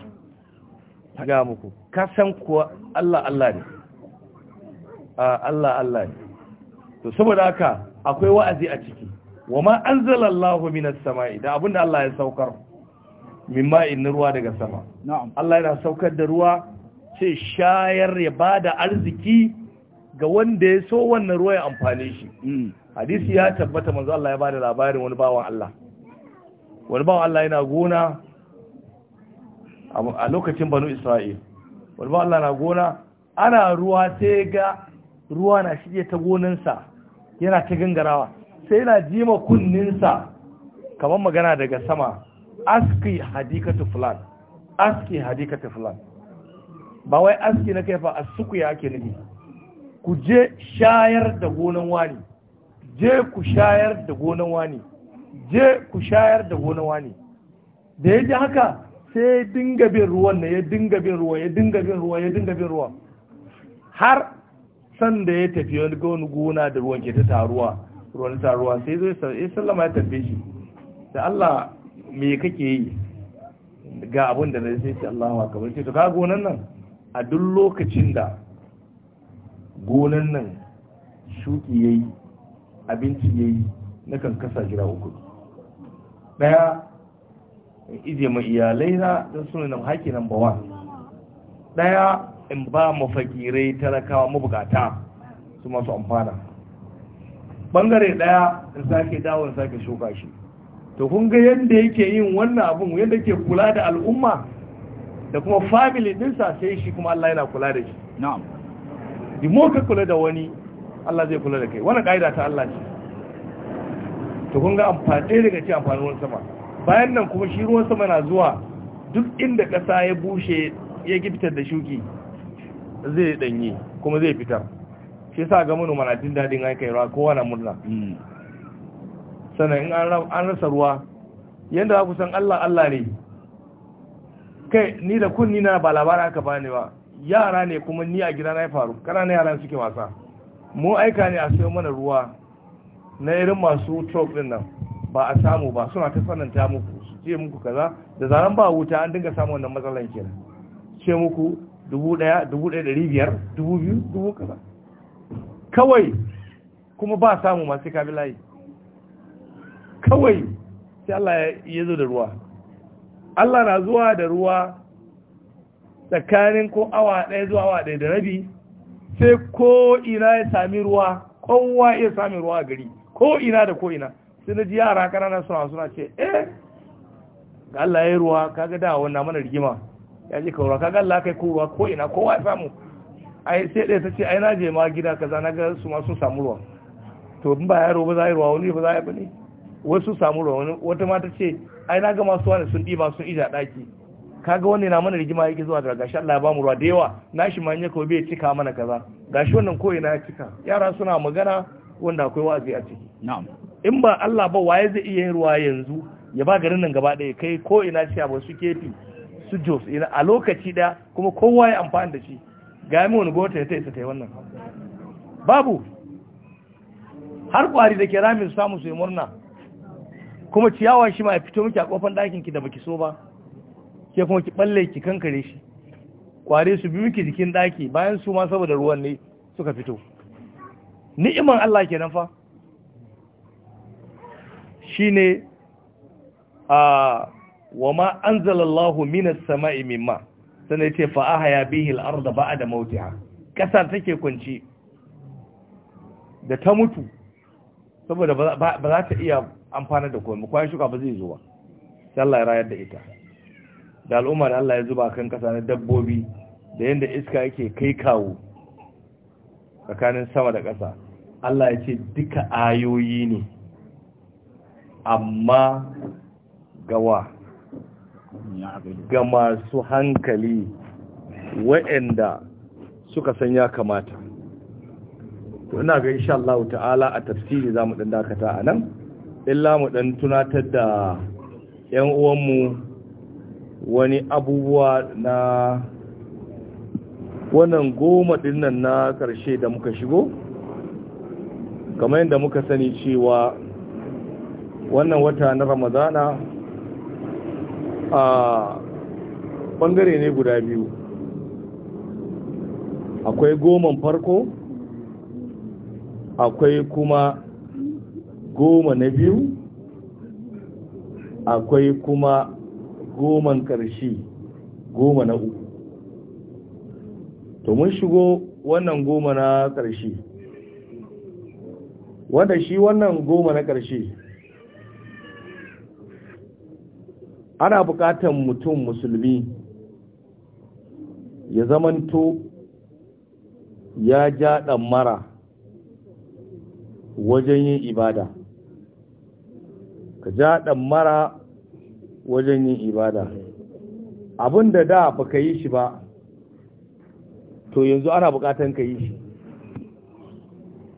ta ga muku ka san kuwa Allah Allah ne ah, Allah Allah ne to saboda haka akwai wa'azi a ciki wa ma anzalallahu minas sama'i da abinda Allah ya saukar min ma'in ruwa daga sama Allah yana saukar da ruwa ce shayar ya bada arziki ga wanda ya so wannan ruwa ya amfane shi mm. hadisi ya tabbata manzo Allah ya bada labarin wani bawan Allah wani bawan Allah yana gona a lokacin banu Isra'il wani bawan Allah yana gona ana ruwa sai ga ruwa na shige ta gonansa yana ta gangarawa sai yana jima kunninsa kamar magana daga sama aski hadikatu fulan aski hadikatu fulan ba wai aski na kai fa asuku ya ake nufi ku je shayar da gonan wani je ku shayar da gonan wani je ku shayar da gonan wani da ya ji haka sai ya dinga bin ruwan na ya dinga bin ruwa ya dinga bin ruwa ya dinga bin ruwa har san da ya tafi wani gona da ruwan ke ta taruwa ruwan taruwa sai zo ya sallama ya tabbe shi da Allah me kake yi ga abin da zai sai Allahu akbar sai to ka gonan nan a duk lokacin da gonan nan shuki yayi abinci yayi nakan kasa jira uku daya in ije ma iyalai na don sunan nan haƙi nan bawa daya in ba mafakirai talakawa mabukata su masu amfana bangare daya in sake dawo in sake shuka shi to kun ga yadda yake yin wannan abun yadda ke kula da al'umma da kuma family dinsa sai shi kuma Allah yana kula da shi na'am di mu ka kula da wani Allah zai kula da kai wannan kaida ta Allah ce to kun ga amfani daga ci amfanin ruwan sama bayan nan kuma shi ruwan sama na zuwa duk inda kasa ya bushe ya giftar da shuki zai danye kuma zai fitar shi sa ga manoma na jin dadin an kai ruwa kowa na murna mm. sannan in an rasa ruwa yanda za ku san Allah Allah ne kai ni da kunni na ba labarin aka bani ba yara ne kuma ni a gida na ya faru kana na yaran suke wasa mu aika ne a sayo mana ruwa na irin masu truck din nan ba a samu ba suna ta ta muku su ce muku kaza da zaran ba wuta an dinga samun wannan matsalan kenan ce muku dubu ɗaya dubu ɗaya ɗari biyar dubu biyu dubu kaza kawai kuma ba samu masu kabilai kawai sai Allah ya zo da ruwa Allah na zuwa da ruwa tsakanin ko awa ɗaya zuwa awa ɗaya da rabi sai ko ina ya sami ruwa kowa ya sami ruwa gari ko ina da ko ina sai na ji yara ƙananan suna suna ce eh ga Allah ya yi ruwa kaga da wannan mana rigima ya ji kaura kaga Allah kai ko ruwa ko ina kowa ya samu ai sai ɗaya ta ce ai na je ma gida kaza na ga su ma sun samu ruwa to in ba yaro ba za a yi ruwa wani ba za a yi bane wasu samu ruwa wani wata ma ta ce ai na ga masu wani sun ɗiba sun ija ɗaki kaga wani na mana rigima yake zuwa daga gashi Allah ya bamu ruwa da yawa nashi ma yake bai cika mana kaza gashi wannan ko ina ya cika yara suna magana wanda akwai wa'azi a ciki na'am in ba Allah ba waye zai iya yin ruwa yanzu ya ba garin nan gaba ɗaya kai ko ina ce ba su kefi su jos ina a lokaci ɗaya kuma kowa ya amfani da shi ga yi wani bota ya isa ta yi wannan babu har kwari da ke ramin samun su yi murna kuma ciyawa shi ma ya fito miki a kofan ɗakin ki da baki so ba ke kuma ki balle ki kankare shi kwari su bi miki jikin ɗaki bayan su ma saboda ruwan ne suka fito ni'iman Allah ke nan fa Shi ne, a wa ma an anzalallahu minas sama'i mimma sannan ce fa'aha ya bihi al'arda ba da mauti ha ƙasar take kunci da ta mutu saboda ba za ta iya amfana da komai kwayan shuka ba zai zuwa sai Allah ya rayar da ita da al'umma da Allah ya zuba kan ƙasa na dabbobi da yadda iska yake kai kawo tsakanin sama da ƙasa Allah ya ce duka ayoyi ne amma gawa ga masu hankali waɗanda suka san ya kamata to ina ga insha Allah ta'ala a tafsiri zamu ɗan dakata anan illa mu dan tunatar da ƴan uwanmu wani abubuwa na wannan goma dinnan na ƙarshe da muka shigo kamar yadda muka sani cewa wannan wata na ramadana a ɓangare ne guda biyu akwai goman farko akwai kuma goma na biyu akwai kuma goman ƙarshe goma na uku to mun shigo wannan goma na ƙarshe wanda shi wannan goma na ƙarshe ana buƙatar mutum musulmi ya zamanto ya ja ɗammara wajen yin ibada ka ja ɗammara wajen yin ibada abin da da ba ka yi shi ba to yanzu ana buƙatar ka yi shi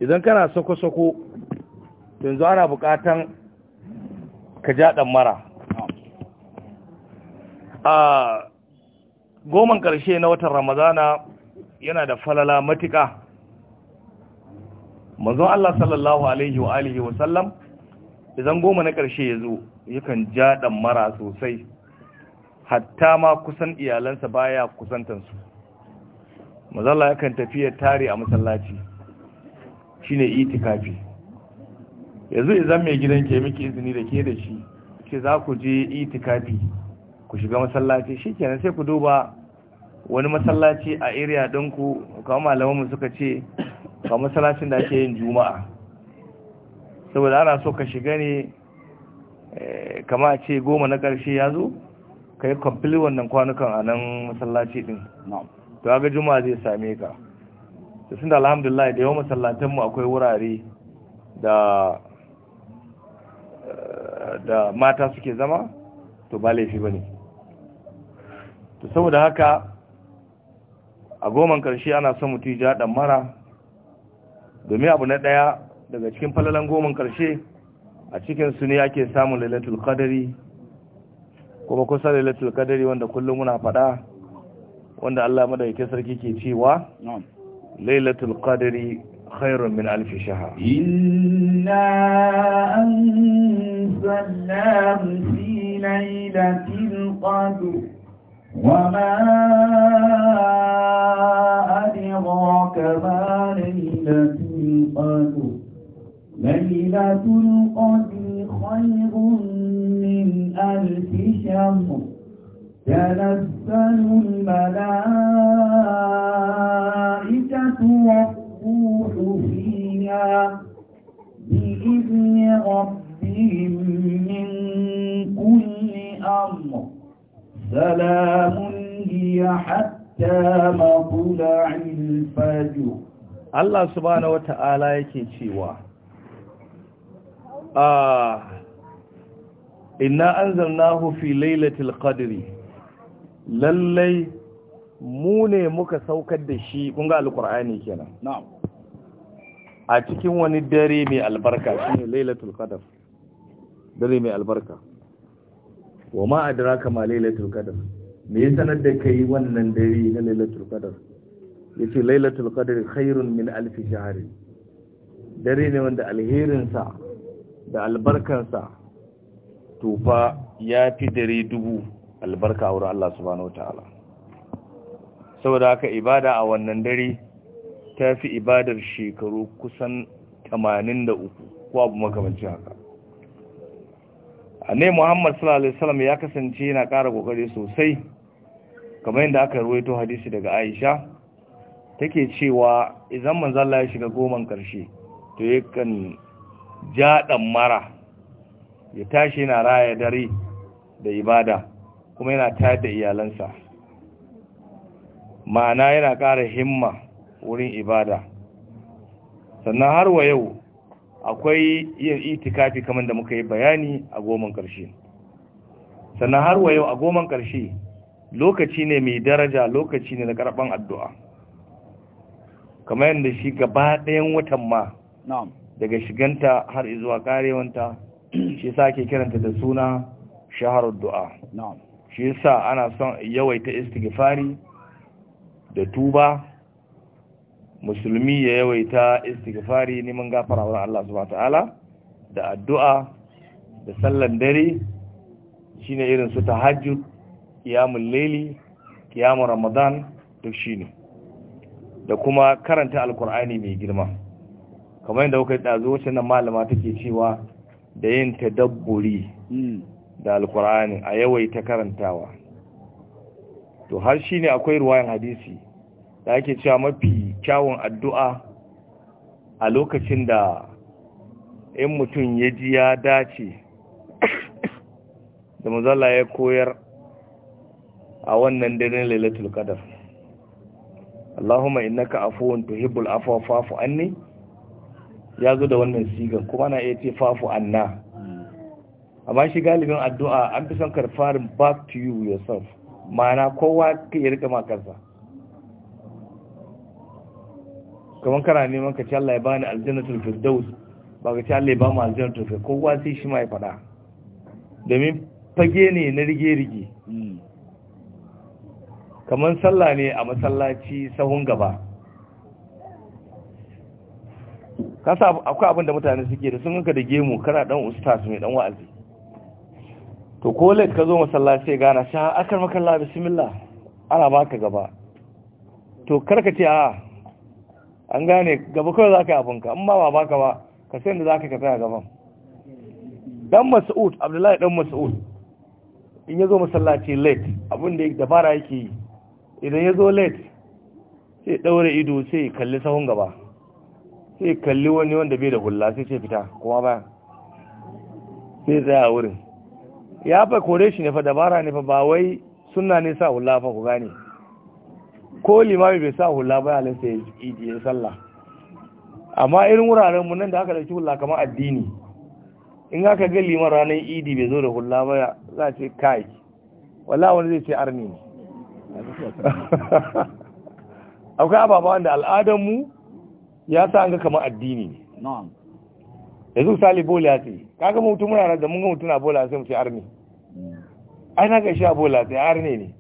idan kana sako-sako yanzu ana buƙatar ka ja ɗammara a goman ƙarshe na watan ramadana yana da falala matuƙa manzon Allah sallallahu alaihi wa alihi wa idan goma na ƙarshe ya zo yakan ja ɗan mara sosai hatta ma kusan iyalansa baya kusantansu mazalla yakan tafiya tare a masallaci shine itikafi yanzu izan mai gidan ke miki izini da ke da shi ke za ku je itikafi ku shiga masallaci shi kenan sai ku duba wani masallaci a area ɗinku kawai malamanmu suka ce ka masallacin da ake yin juma'a saboda ana so ka shiga ne eh, kama ce goma na ƙarshe ya zo ka yi kwamfili wannan kwanukan a nan masallaci din to ga juma'a zai same ka da sun da alhamdulillah da yawan masallatanmu akwai wurare da eh, da mata suke zama to ba laifi ba ne to saboda haka a goman karshe ana son mutu ja dan mara domin abu na ɗaya, daga cikin falalan goman karshe a cikin su ne ake samun lailatul qadari kuma kusa lailatul qadari wanda kullum muna faɗa wanda Allah madaukakin sarki ke cewa lailatul qadari خير min ألف شهر inna أنزلناه fi ليلة qadri وما أدراك ما ليلة القدر ليلة القدر خير من ألف شهر تنزل الملائكة والروح فيها بإذن ربهم من كل أمر سلام هي حتى مطلع الفجر الله سبحانه وتعالى yake cewa ah inna anzalnahu fi lailatul qadri lallai mu ne muka saukar da shi kun ga alqur'ani kenan na'am a cikin wani dare mai albarka shine lailatul qadr dare mai albarka wa ma adraka ma lailatul qadr me ya sanar da kai wannan dare na lailatul qadr yace lailatul qadr khairun min alf shahr dare ne wanda alherin sa da albarkar sa to fa ya fi dare dubu albarka a wurin Allah subhanahu wataala saboda haka ibada a wannan dare ta fi ibadar shekaru kusan 83 ko abu makamancin haka annai muhammad sallallahu alaihi wasallam ya kasance yana ƙara kokari sosai kamar yadda aka ruwaito hadisi daga aisha take cewa idan manzo Allah ya shiga goman karshe to yakan ja dan mara ya tashi yana raya dare da ibada kuma yana tayar da iyalansa ma'ana yana ƙara himma wurin ibada sannan har wa yau akwai yin itikafi kamar da muka yi bayani a goman ƙarshe sannan har wa yau a goman ƙarshe lokaci ne mai daraja lokaci ne na karɓan addu'a kamar yadda shi gaba ɗayan watan ma daga shiganta har zuwa ƙarewanta shi sa ke kiranta da suna shaharar du'a shi sa ana son yawaita istighfari da tuba musulmi ya yawaita istighfari neman gafara wurin Allah subhanahu ta'ala da addu'a da sallan dare shine irin su tahajjud qiyamul layli qiyam ramadan duk shine da kuma karanta alkur'ani mai girma kamar yadda kuka dazo wacce nan malama take cewa da yin tadabburi da alkur'ani a yawaita karantawa to har shine akwai ruwayan hadisi da ake cewa mafi kyawun addu'a a lokacin da 'yan mutum ya ji ya dace da mazala ya koyar a wannan daren lalatul kadar Allahumma innaka afuwun tuhibbul afuwa fa'fu anni zo da wannan sigan kuma na iya ce fa'fu anna amma shi galibin addu'a an fi son karfarin back to you yourself ma'ana kowa ka yi rika makarsa kamar kana neman ka ci Allah ya bani aljannatul firdaus ba ka ci Allah ya ba mu aljannatul firdaus kowa sai shi ma ya faɗa domin fage ne na rige-rige kamar sallah ne a masallaci sahun gaba Ka sa akwai abin da mutane suke da sun ganka da gemu kana dan ustaz mai dan wa'azi to ko late ka zo masallaci gana sha akar makalla bismillah ana baka gaba to karka ce a an gane gaba kawai za ka yi abinka amma ba ka ba ka sayan da za ka kafa a gaban dan mas'ud abdullahi dan masu'ud in ya zo masallaci late abinda ya dabara yake yi idan ya zo late sai ɗaure ido sai kalli sahun gaba sai kalli wani wanda bai da hula sai ce fita kuma ba sai tsaya a wurin ya fa kore shi ne fa dabara ne fa ba wai suna ne sa hula fa ku gane ko limami bai sa hula ba ya lansa ya sallah amma irin wuraren mu nan da aka dauki hula kamar addini in aka ga liman ranar idi bai zo da hula ba za a ce kai wala wani zai ce arni ne akwai ababa wanda al'adanmu ya sa an ga kamar addini ne zo sali bola ce kaga mutum muna da mun ga mutum na bola sai mu ce arni mm. ai na ga shi a bola sai arni ne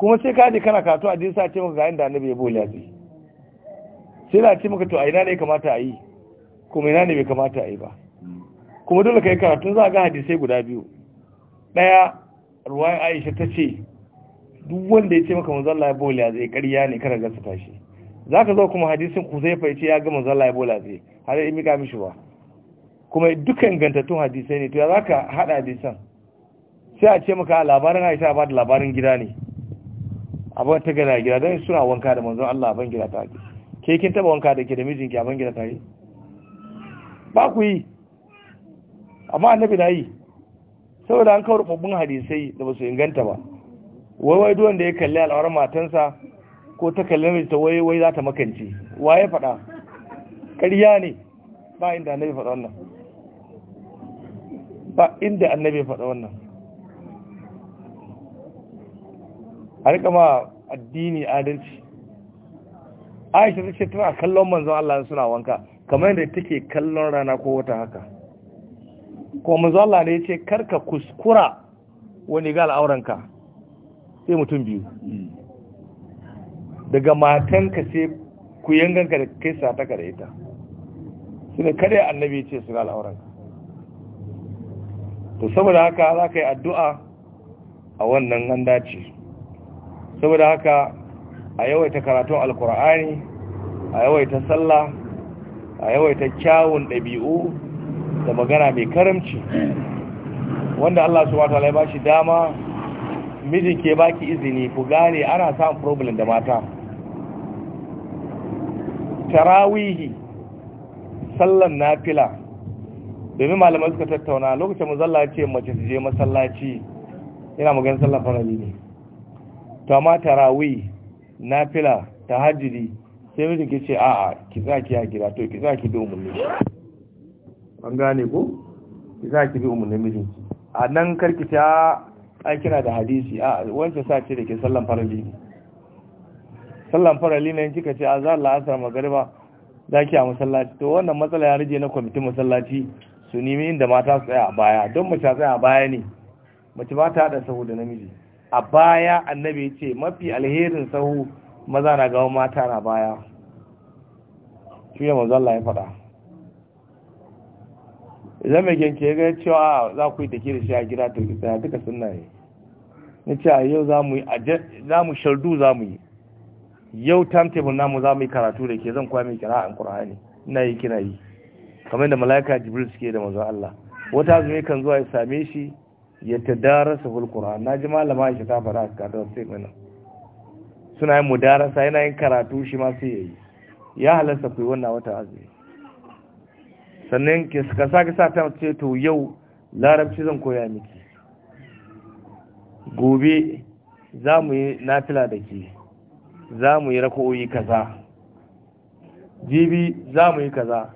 kuma sai ka kana karatu a dinsa ce maka ga inda annabi ya bola zai sai da ce maka to a ina ne kamata a yi kuma ina ne bai kamata a yi ba kuma dole ka yi karatu za a ga hadisai guda biyu ɗaya ruwan aisha ta ce duk wanda ya ce maka manzalla ya bola zai karya ne kada gasa tashi za ka zo kuma hadisin ku zai fahimci ya ga manzalla ya bola zai har yi mika mishi ba kuma dukkan gantattun hadisai ne to ya za ka haɗa hadisan sai a ce maka labarin aisha ba da labarin gida ne abin ta gana gida don suna wanka da manzon Allah ban gida ta ke kin taba wanka da ke da mijinki a ban gida ta yi ba ku yi amma annabi na yi saboda an kawar babban hadisai da ba su inganta ba wai wai duwan da ya kalli al'awar matansa ko ta kalli mai ta wai wai za ta makance wa ya faɗa ƙarya ne ba inda annabi faɗa wannan ba inda annabi faɗa wannan a ma addini adalci aisha ta ce tana kallon manzon Allah suna wanka kamar yadda take kallon rana ko wata haka ko manzon Allah ne ya ce karka kuskura wani ga al'auranka sai mutum biyu daga matanka sai ku yanganka da kai sa ta da ita su ne kare annabi ce su ga al'auranka to saboda haka za ka yi addu'a a wannan an dace saboda haka a yawaita karatun alkur'ani a yawaita sallah a yawaita kyawun ɗabi'u da magana mai karamci wanda Allah su wata lai ba shi dama mijin ke baki izini ku gane ana samun problem da mata tarawihi sallan nafila domin malamai suka tattauna lokacin muzalla ce mace su je masallaci yana magana sallan farali ne to na tarawih nafila tahajjudi sai mutum ke ce a'a ki zaki ya gida to ki zaki bi umurni an gane ko ki zaki bi umurni mijin a nan karki ta ai da hadisi a wancan sa ce da ke sallan farali ne sallan farali ne kika ce a za Allah asar magariba zaki a masallaci to wannan matsala ya rage na kwamitin masallaci su nemi inda mata su tsaya a baya don mace tsaya a baya ne mace ba ta haɗa saboda namiji a baya annabi ce mafi alherin sahu maza na gawa mata na baya shi ne Allah ya faɗa idan mai genke gani cewa ah, za ku yi ke da shi a gina to ya duka suna ne ni ce a yau za mu yi shardu za mu yi yau timetable namu za mu yi karatu da ke zan kwa mai an Qur'ani ina yi kina yi kamar da malaika Jibril suke da manzo Allah wata azumi kan zuwa ya same shi ya tadarasa fil na ji malama shi ta fara ka da statement suna yin mudarasa yana yin karatu shi ma sai yayi ya halasta kai wannan wata azumi sannan ke ka sa ta ce to yau larabci zan koya miki gobe za mu yi nafila da ke za mu yi rako'o'i kaza jibi za mu yi kaza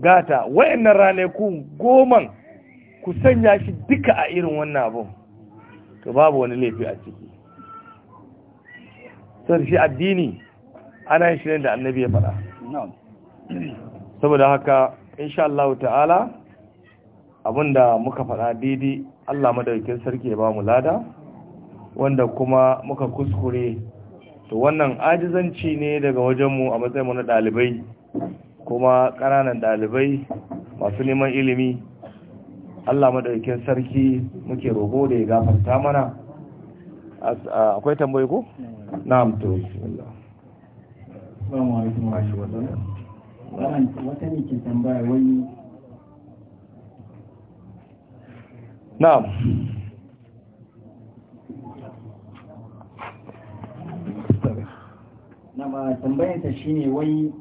gata wa'annan ranaku goman ku sanya shi duka a irin wannan abun to babu wani laifi a ciki sau shi addini ana yin shirin da annabi ya faɗa saboda haka insha Allah ta'ala abinda muka faɗa daidai Allah madaukin sarki ya ba mu lada wanda kuma muka kuskure to wannan ajizanci ne daga wajenmu a mu na dalibai, kuma ƙananan dalibai, masu neman ilimi Allah madaukakin sarki muke rogo da ya gafarta mana akwai tambayi ko na'am to bismillah assalamu alaikum wa rahmatullahi wata ne ke tambaya wani na'am na ba ta shine wai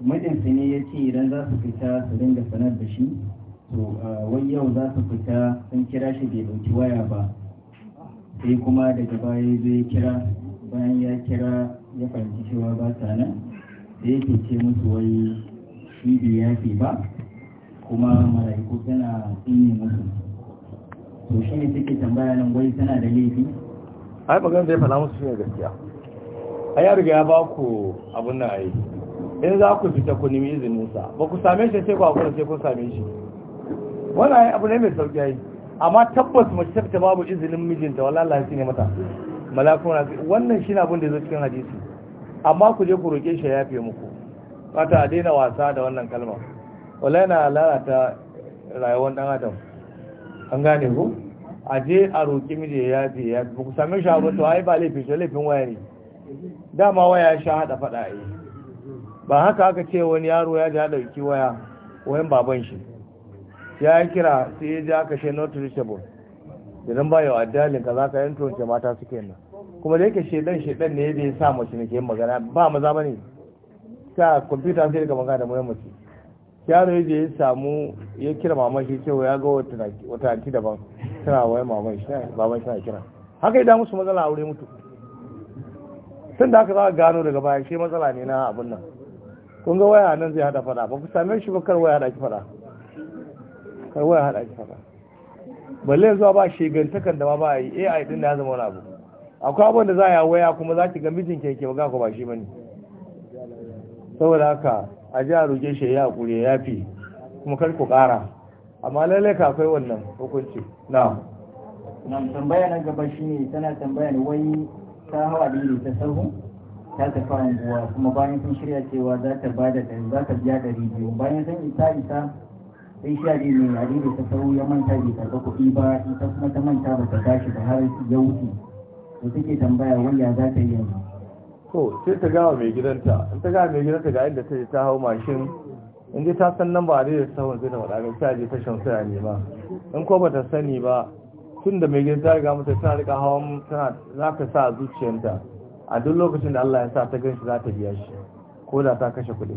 mijinsa ne yace idan za su fita su dinga sanar da shi to wai yau za su fita sun kira shi bai dauki waya ba sai kuma daga baya zai kira bayan ya kira ya fahimci cewa ba ta nan sai yake ce musu wai shi bai yafe ba kuma mara'iku tana tsini musu to shi ne suke tambaya nan wai tana da laifi ai magana zai fada musu shine gaskiya ai ya riga ya ba ku abun nan ai in za ku fita ku nemi izinin sa ba ku same shi sai ku hakura sai kun same shi wannan abu ne mai sauki yayi amma tabbas mace ta babu izinin mijinta wallahi Allah ya ne mata malakun rafi wannan shi na abin da ya zo cikin hadisi amma ku je ku roƙe shi ya fiye muku fata a daina wasa da wannan kalma wallahi na lalata rayuwar dan adam an gane ku a je a roƙi miji ya fi ya fi ku same shi abu to ai ba laifin shi laifin waya ne dama waya sha hada faɗa a yi ba haka aka ce wani yaro ya ja ki waya wayan baban shi ya yi kira sai ya ji aka she not reachable idan ba yau addalin ka za ka yanto wace mata suke nan kuma da yake shedan shedan ne da ya sa mace ne ke magana ba maza ba ne ta kwamfuta sai daga magana da mai mace yaro ya je ya samu ya kira maman shi cewa ya ga wata anti daban tana wai maman shi baban shi na kira haka idan musu matsala aure mutu tun da haka za a gano daga baya shi matsala ne na abin nan kun ga waya nan zai hada fada ba ku same shi ba kar waya da ki fada karwaya hada shi faɗa balle zuwa ba shegantakan da ma ba a yi ai din da ya zama wani abu akwai abin da za a waya kuma za ki ga mijin ke ba ko ba shi bane saboda haka a ji a roƙe shi ya kure ya fi kuma kar ku ƙara amma lallai ka akwai wannan hukunci na nan tambaya na gaba shi ne tana tambaya ne wai ta hawa da ta sahu ta tafi anguwa kuma bayan sun shirya cewa za ta ba da za ta biya ɗari biyu bayan sun isa isa sai sha biyu mai yare da ta sau ya manta bai karɓa kuɗi ba ita kuma ta manta ba ta tashi da har ya wuce to take tambaya waya za ta yi yanzu. to sai ta gawa mai gidanta in ta gawa mai gidanta ga inda ta je ta hau mashin in dai ta san nan ba a da ta zai da waɗanda sai a je ta shamsu a nema in ko ba ta sani ba tun da mai gidanta ga mata tana rika hawan tana za ka sa a zuciyarta a duk lokacin da Allah ya sa ta gan shi za ta biya shi ko da ta kashe kuɗi.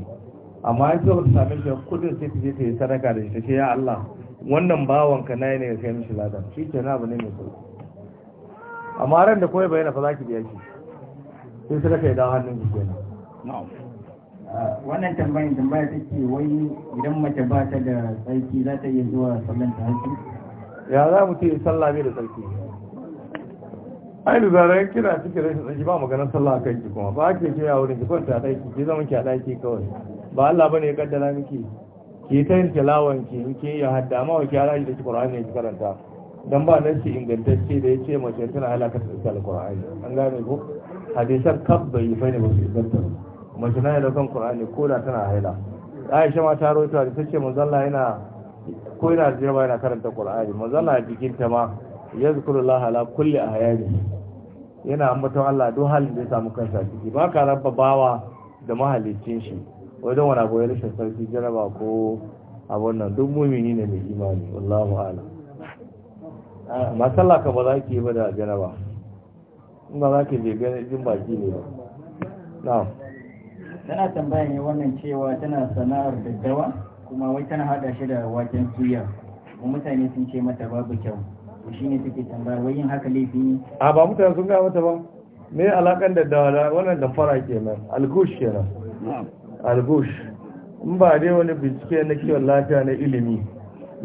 amma in zo ta same shi kudin sai je ta yi sadaka da shi ta ya Allah wannan bawan ka nayi ne ka kai mishi ladan shi ke na abu ne mai sauki amma ran da kawai bayyana fa za ki biya shi sai sadaka ya dawo hannun ki kenan ah. wannan tambayin tambaya take wai idan mace ba ta da tsarki za ta iya zuwa sallan ta haƙi ya za mu ce sallah bai da tsarki ai da zarar kira cikin rashin tsarki ba maganar sallah a kanki kuma ba ake ke ya wurin ki kwanta a ɗaki ki zama ki a ɗaki kawai ba Allah bane ya kaddara miki ki ta yin tilawan ki ki ya hadda ma wa kiyara da ki Qur'ani ki karanta dan ba nan shi ingantacce da yace mace tana halaka ta Al-Qur'ani an gane ko hadisan yi fa ne ba su inganta mace na da kan Qur'ani ko da tana haila Aisha ma ta rawaito da tace manzo Allah yana ko yana jirba yana karanta Qur'ani manzo Allah ya bikin ta ma yazkurullaha ala kulli ahyani yana ambaton Allah duk halin da ya samu kansa ciki ba ka rabba bawa da mahalicin shi wajen wani abu ya rashin sarki jaraba ko abun nan duk mumini ne mai imani wallahu ala masalla ka ba za ki yi ba da jaraba in ba za ki je ganin jin baki ne ba na tana tambaya ne wannan cewa tana sana'ar daddawa kuma wai tana hada shi da waken suya kuma mutane sun ce mata babu kyau shi ne take tambaya wai yin haka laifi ne a ba mutane sun gaya mata ba me alakan daddawa da wannan damfara kenan alkush kenan na'am algush in ba dai wani bincike na kiwon lafiya na ilimi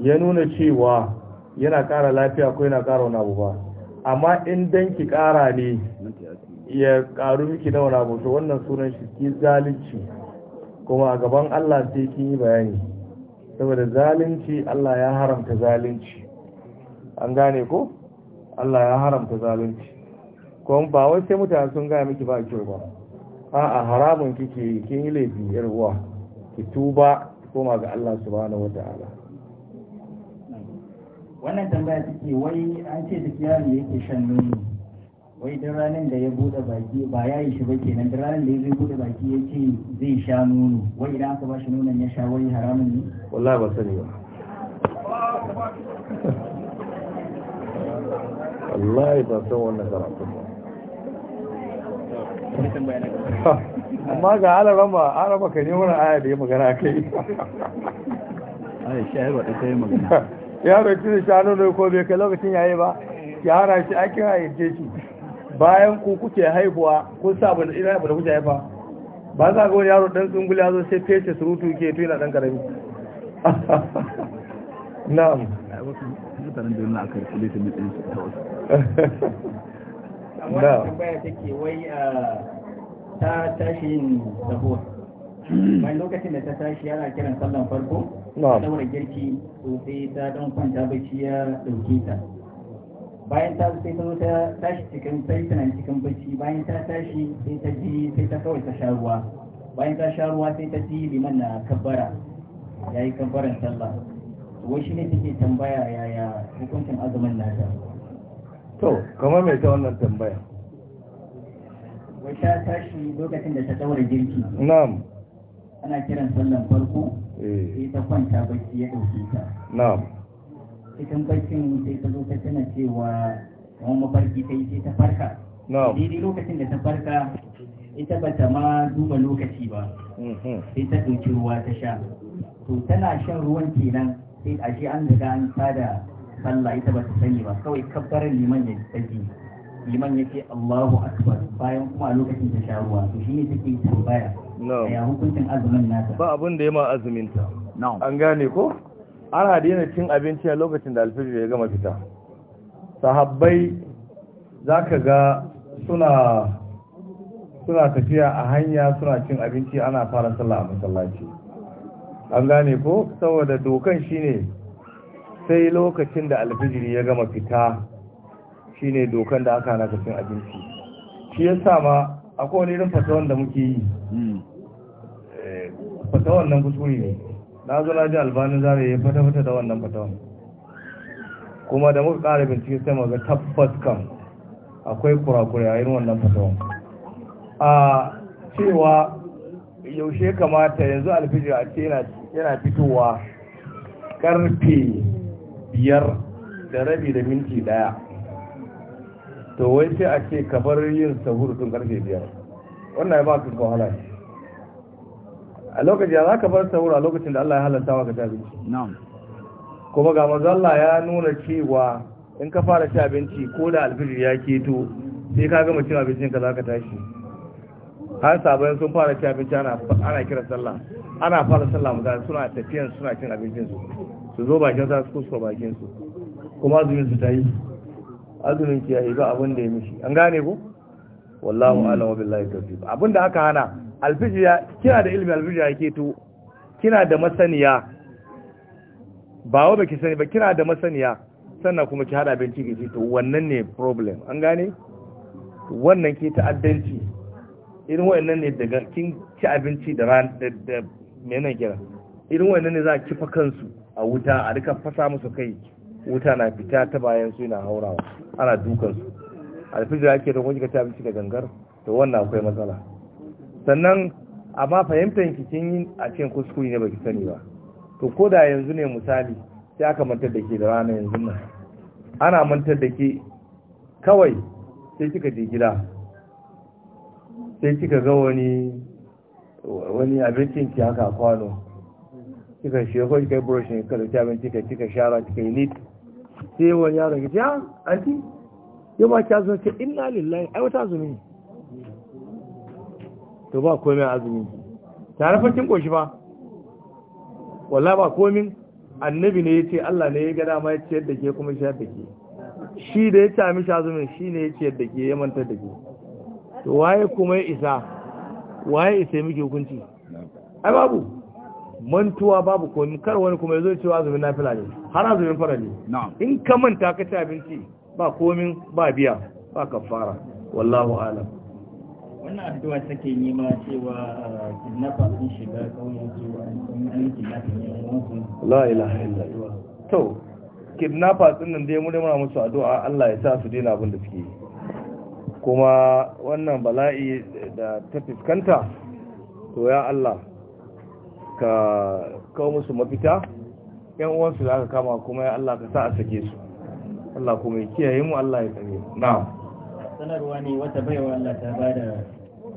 ya nuna cewa yana kara lafiya ko yana kara wani abu ba amma in dan ki kara ne ya karu miki na wani abu to wannan sunan shi ki zalunci kuma a gaban Allah sai kin yi bayani saboda zalunci Allah ya haramta zalunci an gane ko Allah ya haramta zalunci kuma ba wai sai mutane sun gaya miki ba kyau ba a'a haramun kike yi kin yi laifi yar uwa ki tuba ki koma ga Allah subhanahu wataala wannan tambaya take wai an ce duk yaro yake shan nono wai duk ranar da ya bude baki ba ya yi shi ba kenan duk ranar da ya bude baki ya ce zai sha nono wai idan aka bashi shi nonon ya sha wai haramun ne wallahi ba sani ba wallahi ba san wannan karatu ba amma ga alarama alarama ka ne wani aya da ya magana kai yaro ci da shanu ne ko bai kai lokacin yayi ba ya hana shi ake hayyace shi bayan ku kuke haihuwa kun sa da ina abu da kuke haifa ba za ga wani yaro dan tsungul ya zo sai fece surutu ke to yana dan karami na'am mutanen da yana ta wasu wannan tambaya take wai ah, ta tashi sahur bayan lokacin da ta tashi yana kiran sallan farko saboda girki sosai ta dan kwanta bacci ya dauke ta bayan ta sai ta ta tashi cikin sai tana cikin bacci bayan ta tashi sai ta ji sai ta kawai ta sha ruwa bayan ta sha ruwa sai ta ji liman na kabbara yayi kabbaran sallah wai shi ne take tambaya yaya hukuncin azumin nata to kamar mai ta wannan tambaya wata tashi lokacin da ta daura girki na'am ana kiran sallan farko eh. sai ta kwanta bacci ya dauke ta na'am cikin baccin sai ta zo ta tana cewa kamar mafarki ta yi sai ta farka na'am daidai lokacin da ta farka ita ba ta ma duba lokaci ba mm-hmm. sai ta ɗauki ruwa ta sha to tana shan ruwan kenan sai ashe an riga an tada sallah ita ba ta sani ba kawai kabbarin liman ya tsaki liman ya ce Allahu akbar bayan kuma a lokacin ta sha ruwa to ne take tambaya ya hukuncin azumin nata ba abin da ya ma azumin ta an gane ko an hadina cin abinci a lokacin da alfijir ya gama fita sahabbai zaka ga suna suna tafiya a hanya suna cin abinci ana fara sallah a masallaci an gane ko saboda dokan shine sai lokacin da alfijiri ya gama fita shine dokan da aka na cin abinci shi sa ma akwai wani irin fatawan da muke yi hmm. eh, fatawan nan kusuri ne na zo na ji albanin zare ya fata fata da wannan fatawan kuma da muka ƙara bincike sai maza tabbas kan akwai kurakurai a irin wannan fatawan a cewa yaushe kamata yanzu alfijir a ce yana fitowa karfe biyar da rabi da minti daya to wai sai a ce ka bar yin sahur tun karfe biyar wannan ya ba su wahala a lokacin za ka bar sahur a lokacin da Allah ya halatta wa ka ci abinci kuma ga manzo Allah ya nuna cewa in ka fara ci abinci ko da alfijir ya keto sai ka gama cin abincin ka za ka tashi har sabon sun fara ci abinci ana kira sallah ana fara sallah mu suna tafiyan suna cin abincin su su zo bakin sa su kusa bakin su kuma azumin su ta yi azumin ki yayi ba abin da ya mishi an gane ko wallahu hmm. a'lam billahi tawfiq abin da aka hana alfijiya kina da ilmi alfijiya yake to kina da masaniya ba wa baki sani ba kina da masaniya sannan kuma ki hada abinci ki to wannan ne problem an gane wannan ke ta'addanci irin wayannan ne daga kin ci abinci da ran da menene kira irin wayannan ne za ki fa kansu a wuta a duka fasa musu kai wuta na fita ta bayan su na haurawa ana dukansu alfijir ake don wajen ta abinci da gangar to wannan akwai matsala sannan amma fahimtar kin yi a cikin kuskure ne baki sani ba to ko da yanzu ne misali sai aka mantar da ke da rana yanzu nan ana mantar da ke kawai sai kika je gida sai kika ga wani abincin ki haka kwano kika shi ko kika brush ne kala ta bin kika kika shara kika yi lit sai wani yaro ya ha anti ah, yau ba kya zo ce inna lillahi ai wata azumi to ba komai azumi tare fa kin koshi ba wallahi ba komin annabi ne yace Allah ne ya gada ma ya ciyar yadda ke kuma shi yadda ke shi da ya ta mishi azumin shi ne ya ciyar yadda ke ya manta da ke to waye kuma ya isa waye isa miki hukunci ai babu mantuwa babu ko kar wani kuma yazo cewa azumin nafila ne har azumin farali in ka manta ka ci abinci ba komin ba biya ba kafara wallahu alam wannan addu'a take yi ma cewa uh, kidnapper sun shiga kauyen su an kidnapping ne la ilaha illallah to kidnapper din nan dai mu muna musu addu'a Allah ya sa su daina abin da suke kuma wannan bala'i da ta fuskanta to ya Allah ka kawo musu mafita yan uwansu da aka kama kuma ya Allah ka sa a sake su Allah kuma ya kiyaye mu Allah ya tsare mu na'am sanarwa ne wata baiwa Allah ta bada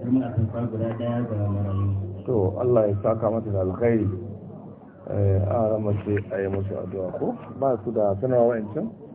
rumun atamfa guda daya ga marayu to Allah ya saka mata da alkhairi eh, a ramace a yi musu addu'a ko ba su da sanarwa wa'ancan